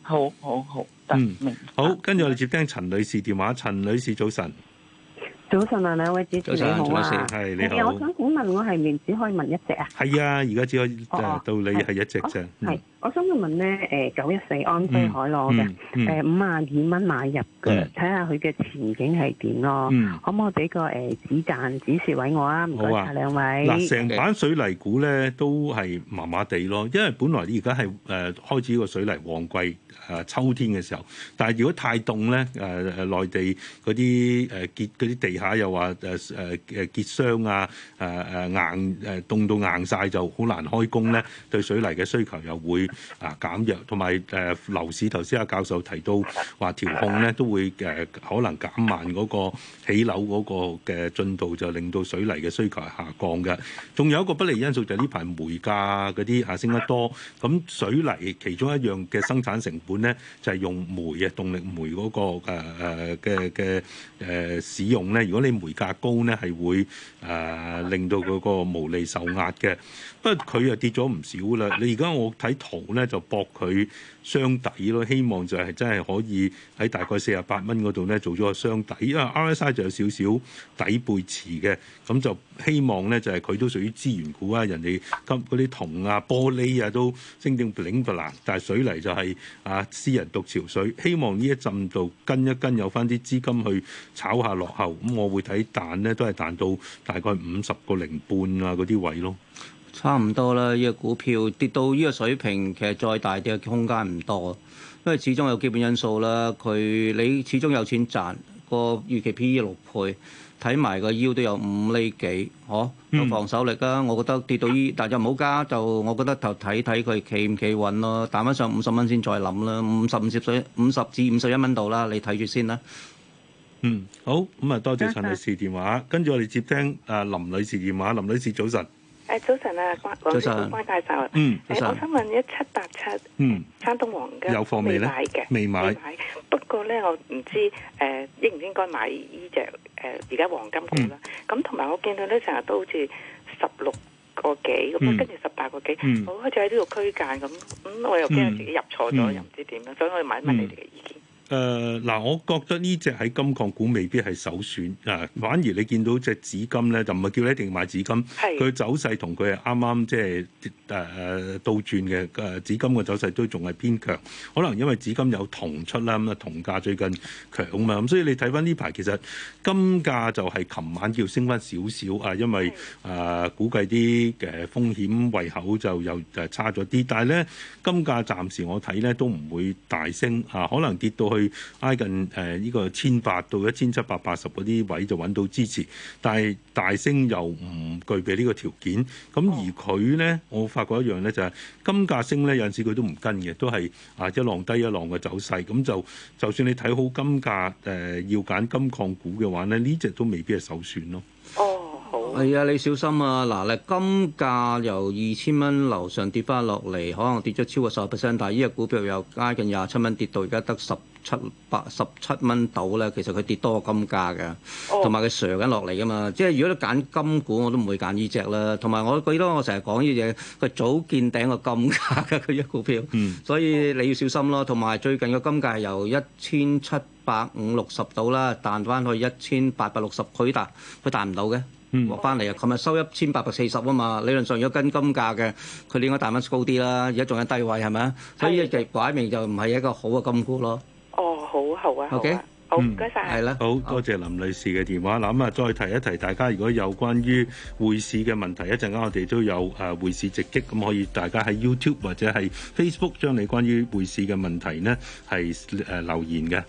好好好，嗯，明好。跟住我哋接聽陳女士電話。陳女士早晨，早晨啊，兩位主持你好啊，你好。我想請問，我係唔係只可以問一隻啊？係啊，而家只可以、啊、到你係一隻啫。係。我想問咧，誒九一四安徽海螺嘅，誒五萬二蚊買入嘅，睇下佢嘅前景係點咯？可唔可以俾個誒指贊、指示位我啊？唔該曬兩位。嗱，成版水泥股咧都係麻麻地咯，因為本來而家係誒開始個水泥旺季誒秋天嘅時候，但係如果太凍咧誒誒，內地嗰啲誒結嗰啲地下又話誒誒誒結霜啊誒誒硬誒凍到硬曬就好難開工咧，對水泥嘅需求又會。啊，減弱同埋誒樓市，頭先阿教授提到話調控咧，都會誒、呃、可能減慢嗰、那個起樓嗰個嘅進度，就令到水泥嘅需求係下降嘅。仲有一個不利因素就係呢排煤價嗰啲下升得多，咁水泥其中一樣嘅生產成本咧就係、是、用煤啊，動力煤嗰、那個誒嘅嘅誒使用咧，如果你煤價高咧，係會誒、呃、令到嗰個毛利受壓嘅。佢又跌咗唔少啦。你而家我睇圖咧，就博佢箱底咯。希望就係真係可以喺大概四十八蚊嗰度咧做咗個箱底，因為 RSI 就有少少底背池嘅，咁就希望咧就係佢都屬於資源股啊。人哋今嗰啲銅啊、玻璃啊都升定頂噶啦，但係水泥就係啊私人獨潮水。希望呢一浸度跟一跟有翻啲資金去炒下落後咁，我會睇彈咧都係彈到大概五十個零半啊嗰啲位咯。差唔多啦，呢個股票跌到呢個水平，其實再大跌嘅空間唔多，因為始終有基本因素啦。佢你始終有錢賺，個預期 P/E 六倍，睇埋個腰都有五厘幾，呵、哦，有防守力啦。我覺得跌到呢，但就唔好加，就我覺得就睇睇佢企唔企穩咯。打翻上五十蚊先再諗啦，五十五折水，五十至五十一蚊度啦，你睇住先啦。嗯，好，咁啊多謝陳女士電話，跟住我哋接聽啊林女士電話，林女士早晨。誒，早晨啊，關廣州關介紹。嗯，早晨。我想問一七八七，嗯，山東黃金有貨未咧？未買嘅，未買。不過咧，我唔知誒應唔應該買依隻誒而家黃金股啦。咁同埋我見到咧成日都好似十六個幾咁樣，跟住十八個幾，我開始喺呢個區間咁。咁我又驚自己入錯咗，又唔知點樣，所以我問一問你哋嘅意見。誒嗱，呃，我覺得呢隻喺金礦股未必係首選啊，呃，反而你見到隻紫金咧，就唔係叫你一定要買紫金。係佢是走勢同佢啱啱即係誒倒轉嘅誒紫金嘅走勢都仲係偏強，可能因為紫金有銅出啦，咁，嗯，啊銅價最近強啊嘛，咁，嗯，所以你睇翻呢排其實金價就係琴晚叫升翻少少啊，因為誒，呃、估計啲嘅風險胃口就又誒差咗啲，但係咧金價暫時我睇咧都唔會大升嚇，啊，可能跌到去。去挨近誒依個千八到一千七百八十嗰啲位就揾到支持，但係大升又唔具備呢個條件。咁而佢呢，我發覺一樣呢、就是，就係金價升呢，有陣時佢都唔跟嘅，都係啊一浪低一浪嘅走勢。咁就就算你睇好金價誒、呃，要揀金礦股嘅話呢，呢、這、隻、個、都未必係首選咯。係啊、哎，你小心啊！嗱，咧金價由二千蚊樓上跌翻落嚟，可能跌咗超過十 percent，但係依隻股票又加近廿七蚊，跌到而家得十七百十七蚊到啦。其實佢跌多過金價嘅，同埋佢瀡緊落嚟嘅嘛。即係如果都揀金股，我都唔會揀呢隻啦。同埋我記得我成日講呢樣，佢早見頂過金價嘅佢一股票。Mm. 所以你要小心咯、啊。同埋最近嘅金價由一千七百五六十到啦，彈翻去一千八百六十，佢彈，佢彈唔到嘅。嗯，落翻嚟啊！琴日收一千八百四十啊嘛，理論上如果跟金價嘅，佢應該大蚊高啲啦。而家仲有低位係咪啊？所以一係擺明就唔係一個好嘅金股咯。哦，好，好啊，OK，好唔該晒。係啦。好多謝林女士嘅電話。咁啊，再提一提大家，如果有關於匯市嘅問題，一陣間我哋都有啊匯市直擊，咁可以大家喺 YouTube 或者係 Facebook 將你關於匯市嘅問題呢，係誒、呃呃、留言嘅。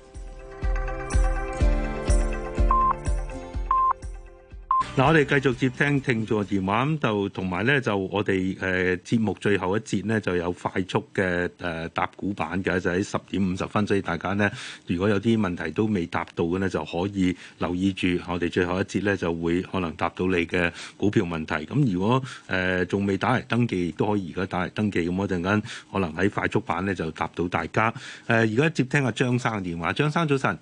嗱、啊，我哋繼續接聽聽眾嘅電話，咁就同埋咧就我哋誒、呃、節目最後一節咧就有快速嘅誒答股版嘅就喺、是、十點五十分，所以大家呢，如果有啲問題都未答到嘅呢，就可以留意住，我哋最後一節咧就會可能答到你嘅股票問題。咁如果誒仲、呃、未打嚟登記，亦都可以而家打嚟登記。咁我陣間可能喺快速版咧就答到大家。誒而家接聽阿張生嘅電話，張生早晨，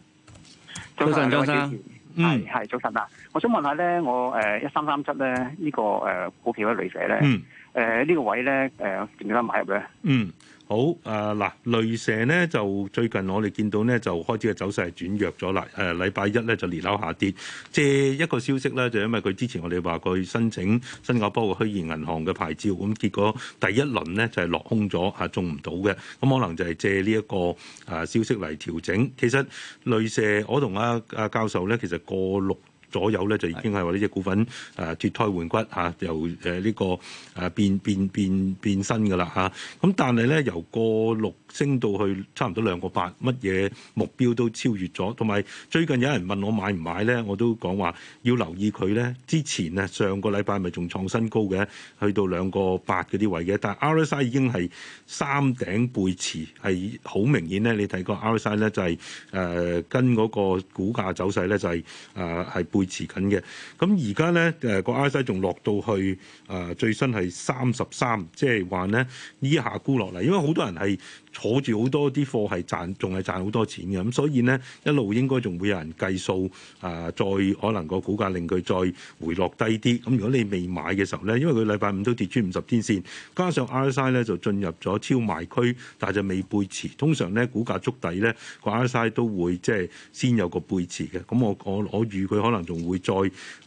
早晨張，凡凡張生。係係、mm.，早晨啊！我想問下咧，我誒一三三七咧呢、這個誒股票嘅女仔咧，誒、呃、呢、mm. 呃這個位咧誒幾時得買入咧？Mm. 好誒嗱、呃，雷蛇咧就最近我哋見到咧就開始嘅走勢係轉弱咗啦。誒禮拜一咧就連樓下跌，借一個消息咧就因為佢之前我哋話佢申請新加坡嘅虛擬銀行嘅牌照，咁結果第一輪咧就係、是、落空咗，嚇、啊、中唔到嘅，咁可能就係借呢一個誒消息嚟調整。其實雷蛇，我同阿阿教授咧，其實過六。左右咧，就已經係話呢隻股份，呃、脫啊脫胎換骨嚇，由誒呢、呃這個啊變變變變身㗎啦嚇，咁、啊、但係咧由過六。升到去差唔多兩個八，乜嘢目標都超越咗。同埋最近有人問我買唔買咧，我都講話要留意佢咧。之前咧上個禮拜咪仲創新高嘅，去到兩個八嗰啲位嘅。但係 RSI 已經係三頂背馳，係好明顯咧。你睇個 RSI 咧就係、是、誒、呃、跟嗰個股價走勢咧就係誒係背馳緊嘅。咁而家咧誒個 RSI 仲落到去誒、呃、最新係三十三，即係話咧依下沽落嚟，因為好多人係。坐住好多啲貨係賺，仲係賺好多錢嘅，咁所以呢，一路應該仲會有人計數，啊、呃，再可能個股價令佢再回落低啲。咁如果你未買嘅時候呢，因為佢禮拜五都跌穿五十天線，加上 RSI 呢就進入咗超賣區，但係就未背馳。通常呢，股價觸底呢，咧，RSI 都會即係先有個背馳嘅。咁我我我預佢可能仲會再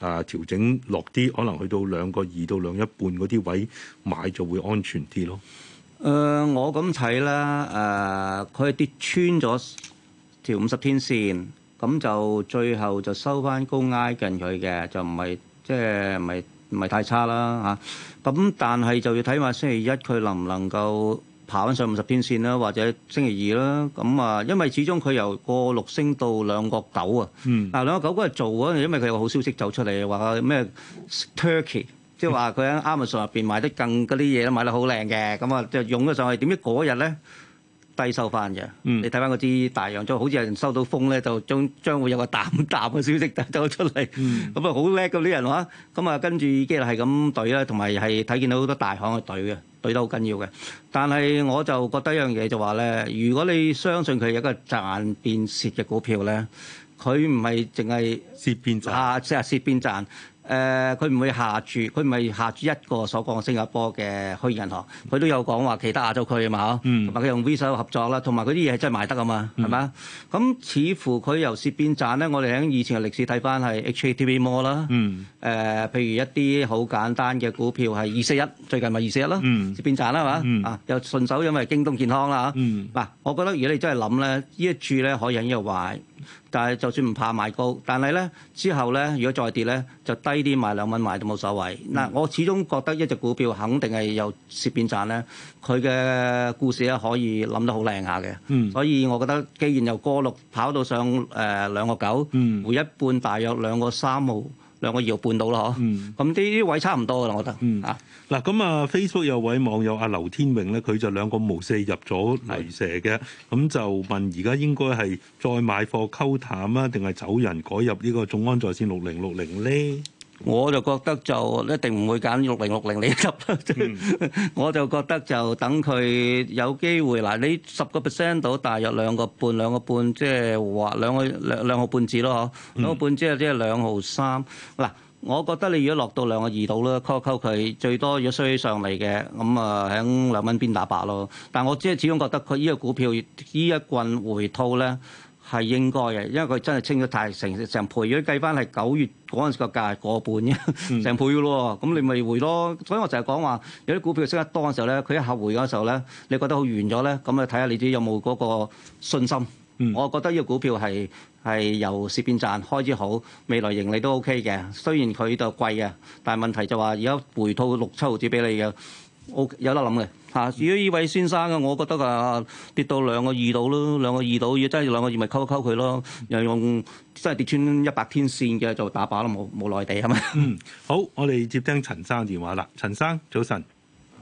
啊調、呃、整落啲，可能去到兩個二到兩一半嗰啲位買就會安全啲咯。誒、呃、我咁睇啦，誒、呃、佢係跌穿咗條五十天線，咁就最後就收翻高壓近佢嘅，就唔係即係唔係唔係太差啦嚇。咁、啊、但係就要睇下星期一佢能唔能夠爬翻上五十天線啦，或者星期二啦。咁啊，因為始終佢由個六升到兩角斗啊，嗯，嗱兩角斗嗰日做嗰陣因為佢有個好消息走出嚟，話咩 Turkey。即係話佢喺 Amazon 入邊買得更嗰啲嘢都買得好靚嘅，咁啊就用咗上去。點知嗰日咧低收翻嘅？嗯、你睇翻嗰支大洋，即好似有人收到風咧，就將將會有個淡淡嘅消息走出嚟。咁、嗯、啊好叻嘅啲人哇！咁啊跟住即係係咁隊啦，同埋係睇見到好多大行去隊嘅，隊得好緊要嘅。但係我就覺得一樣嘢就話咧，如果你相信佢有一個賺變蝕嘅股票咧，佢唔係淨係蝕變賺啊，即係啊蝕變賺。誒，佢唔、呃、會下注，佢唔係下注一個所講嘅新加坡嘅虛擬銀行，佢都有講話其他亞洲區啊嘛同埋佢用 Visa 合作啦，同埋嗰啲嘢係真係賣得啊嘛，係嘛、嗯？咁似乎佢由蝕變賺咧，我哋喺以前嘅歷史睇翻係 HATV More 啦，誒、呃，譬如一啲好簡單嘅股票係二四一，最近咪二四一咯，蝕變賺啦係嘛？嗯、啊，又順手因為京東健康啦嚇，嗱、嗯啊，我覺得如果你真係諗咧，呢一注咧可以引一壞。但係就算唔怕賣高，但係咧之後咧，如果再跌咧，就低啲賣兩蚊賣都冇所謂。嗱、嗯，我始終覺得一隻股票肯定係有蝕變賺咧，佢嘅故事咧可以諗得好靚下嘅。嗯、所以我覺得，既然由過六跑到上誒兩個九、嗯，回一半大約兩個三毫、兩個二毫半到啦呵。咁呢啲、嗯、位差唔多噶啦，我覺得啊。嗯嗱咁啊，Facebook 有位網友阿劉天榮咧，佢就兩個無四入咗雷蛇嘅，咁是就問而家應該係再買貨溝淡啊，定係走人改入呢個眾安在線六零六零咧？我就覺得就一定唔會揀六零六零，你執啦！我就覺得就等佢有機會嗱，你十個 percent 到，大約兩個半兩個半、即係，即係話兩個兩兩個半字咯，兩個半字即係兩毫三嗱。我覺得你如果落到兩個二度啦，溝一溝佢，最多如果衰起上嚟嘅，咁啊喺兩蚊邊打八咯。但係我只係始終覺得佢依個股票依一棍回吐咧係應該嘅，因為佢真係清咗太成成倍，如果計翻係九月嗰陣時個價個半嘅，成倍嘅咯。咁你咪回咯。所以我成日講話有啲股票升得多嘅時候咧，佢一下回嘅時候咧，你覺得好完咗咧，咁啊睇下你自己有冇嗰個信心。我覺得呢個股票係係由蝕變賺，開始好，未來盈利都 O K 嘅。雖然佢就貴嘅，但係問題就話而家回吐六七毫子俾你嘅，OK 有得諗嘅吓。至於呢位先生啊，我覺得啊跌到兩個二度咯，兩個二度，如果真係兩個二咪溝一溝佢咯，又用真係跌穿一百天線嘅就打靶咯，冇冇內地係咪？嗯，mm. 好，我哋接聽陳生電話啦。陳生，早晨。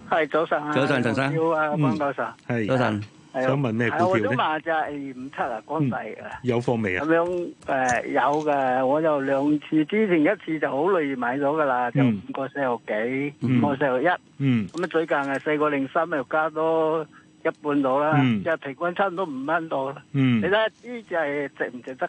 係，早晨。早晨，陳生。好啊，方教授。係，早晨。想問咩？我想問就係二五七啊，乾仔啊。有貨未啊？咁樣誒，有嘅，我就兩次之前一次就好耐買咗噶啦，就五個四毫幾，嗯、五個四毫一。嗯。咁啊最近係四個零三又加多一半到啦，即係、嗯、平均差唔多五蚊到啦。嗯。你睇下呢隻係值唔值得？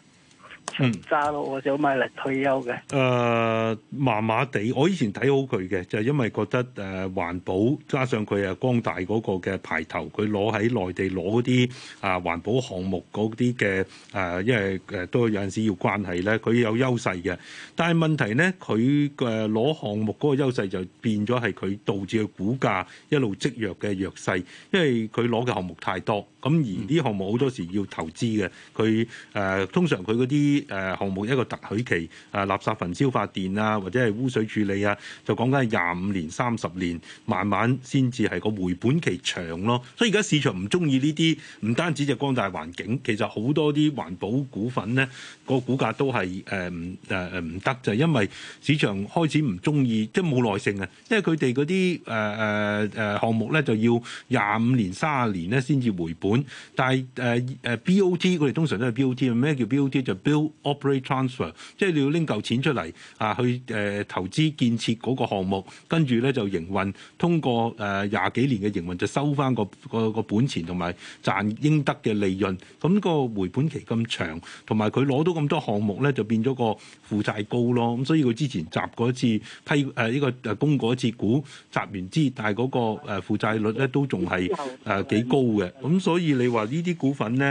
嗯，揸、呃、咯，我想買嚟退休嘅。誒，麻麻地，我以前睇好佢嘅，就係、是、因為覺得誒、呃、環保加上佢啊光大嗰個嘅牌頭，佢攞喺內地攞啲啊環保項目嗰啲嘅誒，因為誒都有陣時要關係咧，佢有優勢嘅。但係問題咧，佢嘅攞項目嗰個優勢就變咗係佢導致佢股價一路積弱嘅弱勢，因為佢攞嘅項目太多。咁而啲項目好多時要投資嘅，佢誒、呃、通常佢嗰啲誒項目一個特許期，誒、呃、垃圾焚燒發電啊，或者係污水處理啊，就講緊係廿五年、三十年，慢慢先至係個回本期長咯。所以而家市場唔中意呢啲，唔單止就光大環境，其實好多啲環保股份咧個股價都係誒唔誒誒唔得，就係，因為市場開始唔中意，即係冇耐性啊，因為佢哋嗰啲誒誒誒項目咧就要廿五年卅年咧先至回本。本，但係誒誒 BOT，佢哋通常都係 BOT。咩叫 BOT？就 build、operate、transfer，即係你要拎夠錢出嚟啊，去誒投資建設嗰個項目，跟住咧就營運。通過誒廿幾年嘅營運，就收翻個個個本錢同埋賺應得嘅利潤。咁個回本期咁長，同埋佢攞到咁多項目咧，就變咗個負債高咯。咁所以佢之前集過一次批誒呢個誒供過一次股集完資，但係嗰個誒負債率咧都仲係誒幾高嘅。咁所以所以你話呢啲股份咧，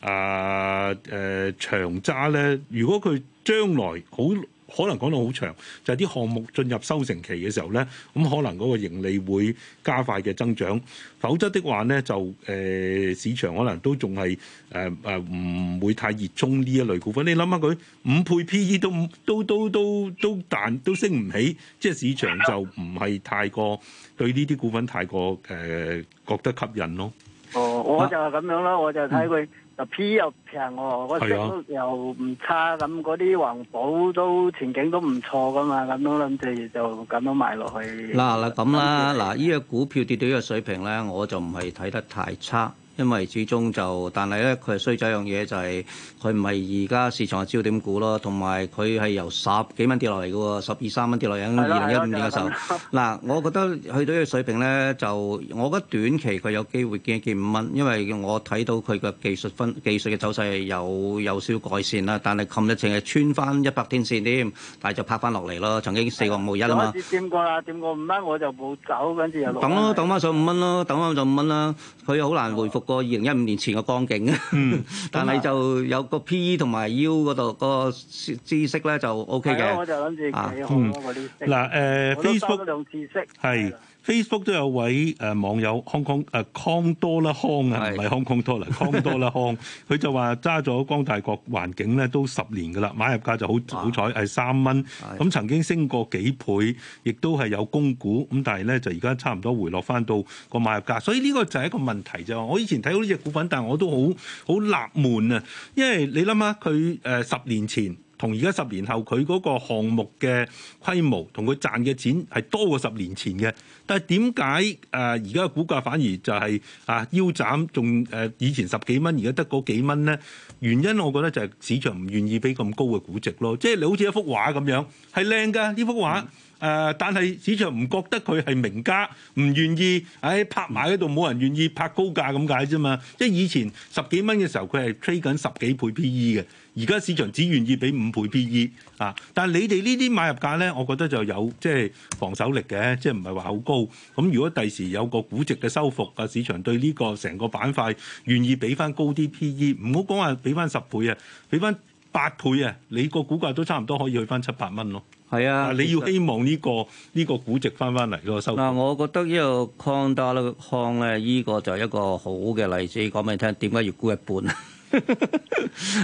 啊、呃、誒、呃、長揸咧，如果佢將來好可能講到好長，就係啲項目進入收成期嘅時候咧，咁、嗯、可能嗰個盈利會加快嘅增長。否則的話咧，就誒、呃、市場可能都仲係誒誒唔會太熱衷呢一類股份。你諗下佢五倍 PE 都都都都都彈都升唔起，即係市場就唔係太過對呢啲股份太過誒、呃、覺得吸引咯。哦，我就係咁樣啦，我就睇佢，就 P 又平，我成都又唔差，咁嗰啲環保都前景都唔錯噶嘛，咁樣諗住就咁樣買落去。嗱嗱咁啦，嗱、這、呢個股票跌到呢個水平咧，我就唔係睇得太差。因為始終就，但係咧佢係衰咗一樣嘢，就係佢唔係而家市場嘅焦點股咯，同埋佢係由十幾蚊跌落嚟嘅喎，十二三蚊跌落嚟。二零一五年嘅時候，嗱，我覺得去到呢個水平咧，就我覺得短期佢有機會見一見五蚊，因為我睇到佢嘅技術分技術嘅走勢有有少少改善啦，但係琴日淨係穿翻一百天線添，但係就拍翻落嚟咯。曾經四個五毫一啊嘛，掂過啦，掂過五蚊我就冇走，跟住又等咯、啊，等翻上五蚊咯，等翻上五蚊啦，佢好的難回復。個二零一五年前嘅光景，嗯、 但係就有個 PE 同埋 U 嗰度個知識咧就 OK 嘅、啊。我就諗住幾好啊啲。嗱誒 f a c 知識係。Facebook 都有位誒網友康康誒康多啦康啊，唔係康康多啦康多啦康，佢 就話揸咗光大國環境咧都十年噶啦，買入價就好好彩係三蚊，咁曾經升過幾倍，亦都係有供股，咁但係咧就而家差唔多回落翻到個買入價，所以呢個就係一個問題就係我以前睇到呢隻股份，但我都好好納悶啊，因為你諗下佢誒十年前。同而家十年後佢嗰個項目嘅規模同佢賺嘅錢係多過十年前嘅，但係點解誒而家嘅股價反而就係、是、啊、呃、腰斬，仲誒、呃、以前十幾蚊而家得嗰幾蚊咧？原因我覺得就係市場唔願意俾咁高嘅估值咯，即係你好似一幅畫咁樣係靚噶，呢幅畫誒、呃，但係市場唔覺得佢係名家，唔願意誒、哎、拍埋喺度，冇人願意拍高價咁解啫嘛。即係以前十幾蚊嘅時候，佢係吹緊十幾倍 PE 嘅。而家市場只願意俾五倍 P/E 啊，但係你哋呢啲買入價咧，我覺得就有即係防守力嘅，即係唔係話好高。咁如果第時有個估值嘅收復啊，市場對呢個成個板塊願意俾翻高啲 P/E，唔好講話俾翻十倍啊，俾翻八倍啊，你個股價都差唔多可以去翻七百蚊咯。係啊，你要希望呢個呢個估值翻翻嚟咯收。嗱，我覺得呢個康達樂康咧，呢個就係一個好嘅例子，講俾你聽，點解要沽一半？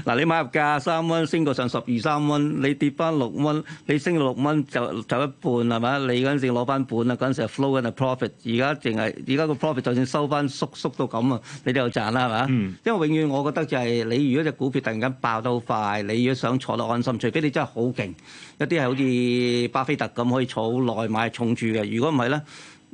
嗱， 你買入價三蚊，升到上十二三蚊，你跌翻六蚊，你升六蚊就就一半係咪？你嗰陣時攞翻本啦，嗰陣時 flow in a profit。而家淨係而家個 profit，就算收翻縮縮到咁啊，你都有賺啦係咪？嗯、因為永遠我覺得就係、是、你如果隻股票突然間爆得好快，你如果想坐得安心，除非你真係好勁，一啲係好似巴菲特咁可以坐好耐買重注嘅。如果唔係咧？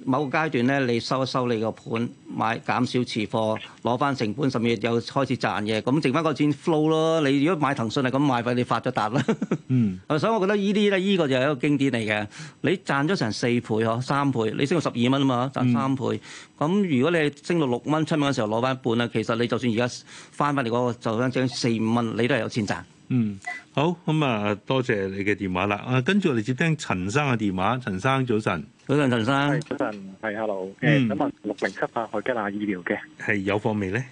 某個階段咧，你收一收你個盤，買減少持貨，攞翻成本，甚至又開始賺嘢，咁剩翻嗰錢 flow 咯。你如果買騰訊係咁買，畀你發咗達啦。嗯。 所以我覺得呢啲咧，依、呢個就係一個經典嚟嘅。你賺咗成四倍呵，三倍，你升到十二蚊啊嘛，賺三倍。咁、嗯、如果你升到六蚊七蚊嘅時候攞翻一半咧，其實你就算而家翻翻嚟嗰就算升四五蚊，你都係有錢賺。嗯，好，咁、嗯、啊，多謝你嘅電話啦。啊，跟住我哋接聽陳生嘅電話。陳生早晨，早晨陳生，早晨係，hello。嗯，咁啊，六零七八海吉亞醫療嘅係有貨未咧？.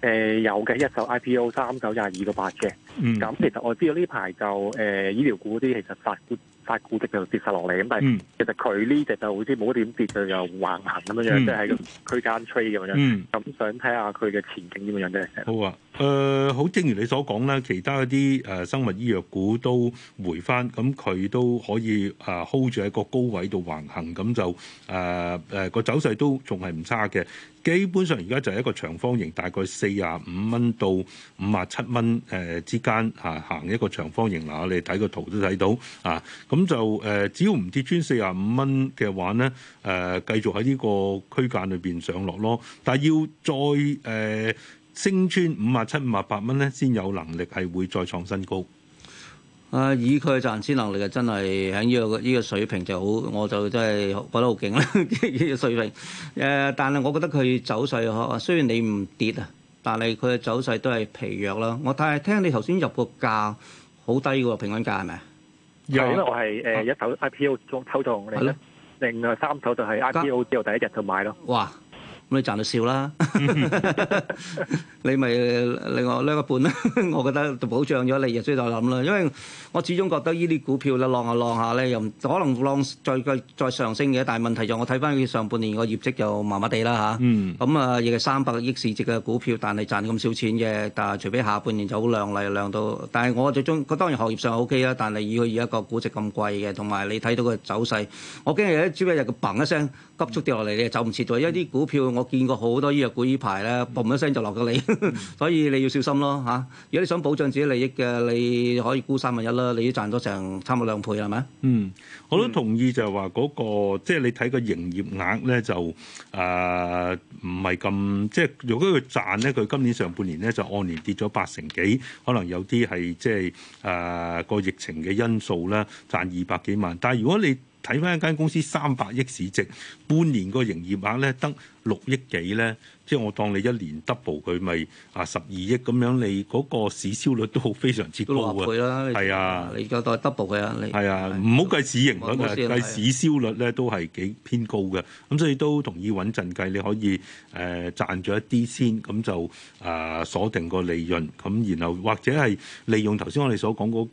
誒、呃，有嘅一手 IPO 三九廿二個八嘅，咁、嗯、其實我知道呢排就誒、呃、醫療股嗰啲，其實發股發股值就跌晒落嚟，咁但係其實佢呢隻就好似冇一點跌，就又橫行咁樣、嗯、樣，即係個區間 trade 咁樣，咁想睇下佢嘅前景點樣樣啫。好啊，誒、呃，好，正如你所講啦，其他一啲誒生物醫藥股都回翻，咁佢都可以啊 hold 住喺個高位度橫行，咁就誒誒、呃那個走勢都仲係唔差嘅。基本上而家就係一個長方形，大概四十五蚊到五十七蚊誒之間嚇行一個長方形嗱，你睇個圖都睇到啊，咁就誒、呃、只要唔跌穿四十五蚊嘅話咧誒繼續喺呢個區間裏邊上落咯，但係要再誒、呃、升穿五十七五十八蚊咧，先有能力係會再創新高。啊！以佢嘅賺錢能力啊，真係喺呢個依、呢個水平就好，我就真係覺得好勁啦！依 個水平誒、呃，但係我覺得佢走勢可雖然你唔跌啊，但係佢嘅走勢都係疲弱啦。我聽聽你頭先入個價好低喎，平均價係咪？有啊，我係誒一手 IPO 中抽中嚟。的另外三手就係 IPO 之後第一日就買咯。咁、嗯、 你賺到少啦，你咪另外攞個半啦。 我覺得保障咗你，亦需要再諗啦。因為我始終覺得呢啲股票咧，浪下浪下咧，又可能浪再再上升嘅。但係問題就我睇翻佢上半年個業績就麻麻地啦嚇。咁啊，亦係三百億市值嘅股票，但係賺咁少錢嘅。但係除非下半年就好亮麗，亮到。但係我最終，佢當然行業上 OK 啦，但係以佢而家個估值咁貴嘅，同埋你睇到個走勢，我驚有一朝一日佢砰一聲。急速跌落嚟，你又走唔切咗，因為啲股票我見過好多醫藥股依排咧，嘣、嗯、噗一聲就落咗你， 所以你要小心咯嚇、啊。如果你想保障自己利益嘅，你可以沽三分一啦。你都賺咗成差唔多兩倍係咪？嗯，我都同意就係話嗰個，即係你睇個營業額咧就誒唔係咁，即係如果佢賺咧，佢今年上半年咧就按年跌咗八成幾，可能有啲係即係誒個疫情嘅因素啦，賺二百幾萬。但係如果你睇翻一間公司三百億市值，半年個營業額咧得六億幾咧。即係我當你一年 double 佢咪啊十二億咁樣，你嗰個市銷率都好非常之高嘅。係啊，你而家再 double 佢啊！係啊，唔好計市盈率啊，計市銷率咧都係幾偏高嘅。咁、嗯、所以都同意穩陣計，啊、你可以誒、呃、賺咗一啲先，咁就啊、呃、鎖定個利潤，咁然後或者係利用頭先我哋所講嗰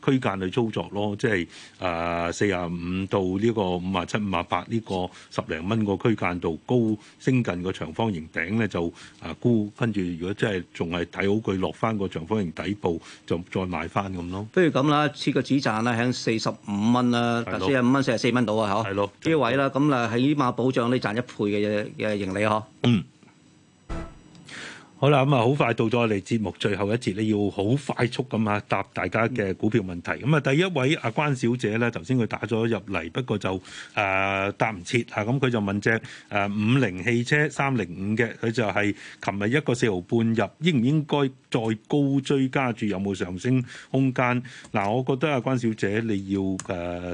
個區間去操作咯。即係啊四十五到呢個五十七五十八呢個十零蚊個區間度高升近個長方形。頂咧就啊沽，跟住如果真係仲係睇好佢落翻個長方形底部，就再買翻咁咯。不如咁啦，設個止賺啦，喺四十五蚊啦，四十五蚊、四十四蚊到啊，嗬。係咯，呢位啦，咁啦，起碼保障你賺一倍嘅嘅盈利嗬。嗯。好啦，咁啊，好快到咗我哋節目最後一節咧，要好快速咁啊答大家嘅股票問題。咁啊，第一位阿關小姐咧，頭先佢打咗入嚟，不過就誒答唔切嚇。咁佢就問隻誒五菱汽車三零五嘅，佢就係琴日一個四毫半入，應唔應該再高追加注？有冇上升空間？嗱，我覺得阿關小姐你要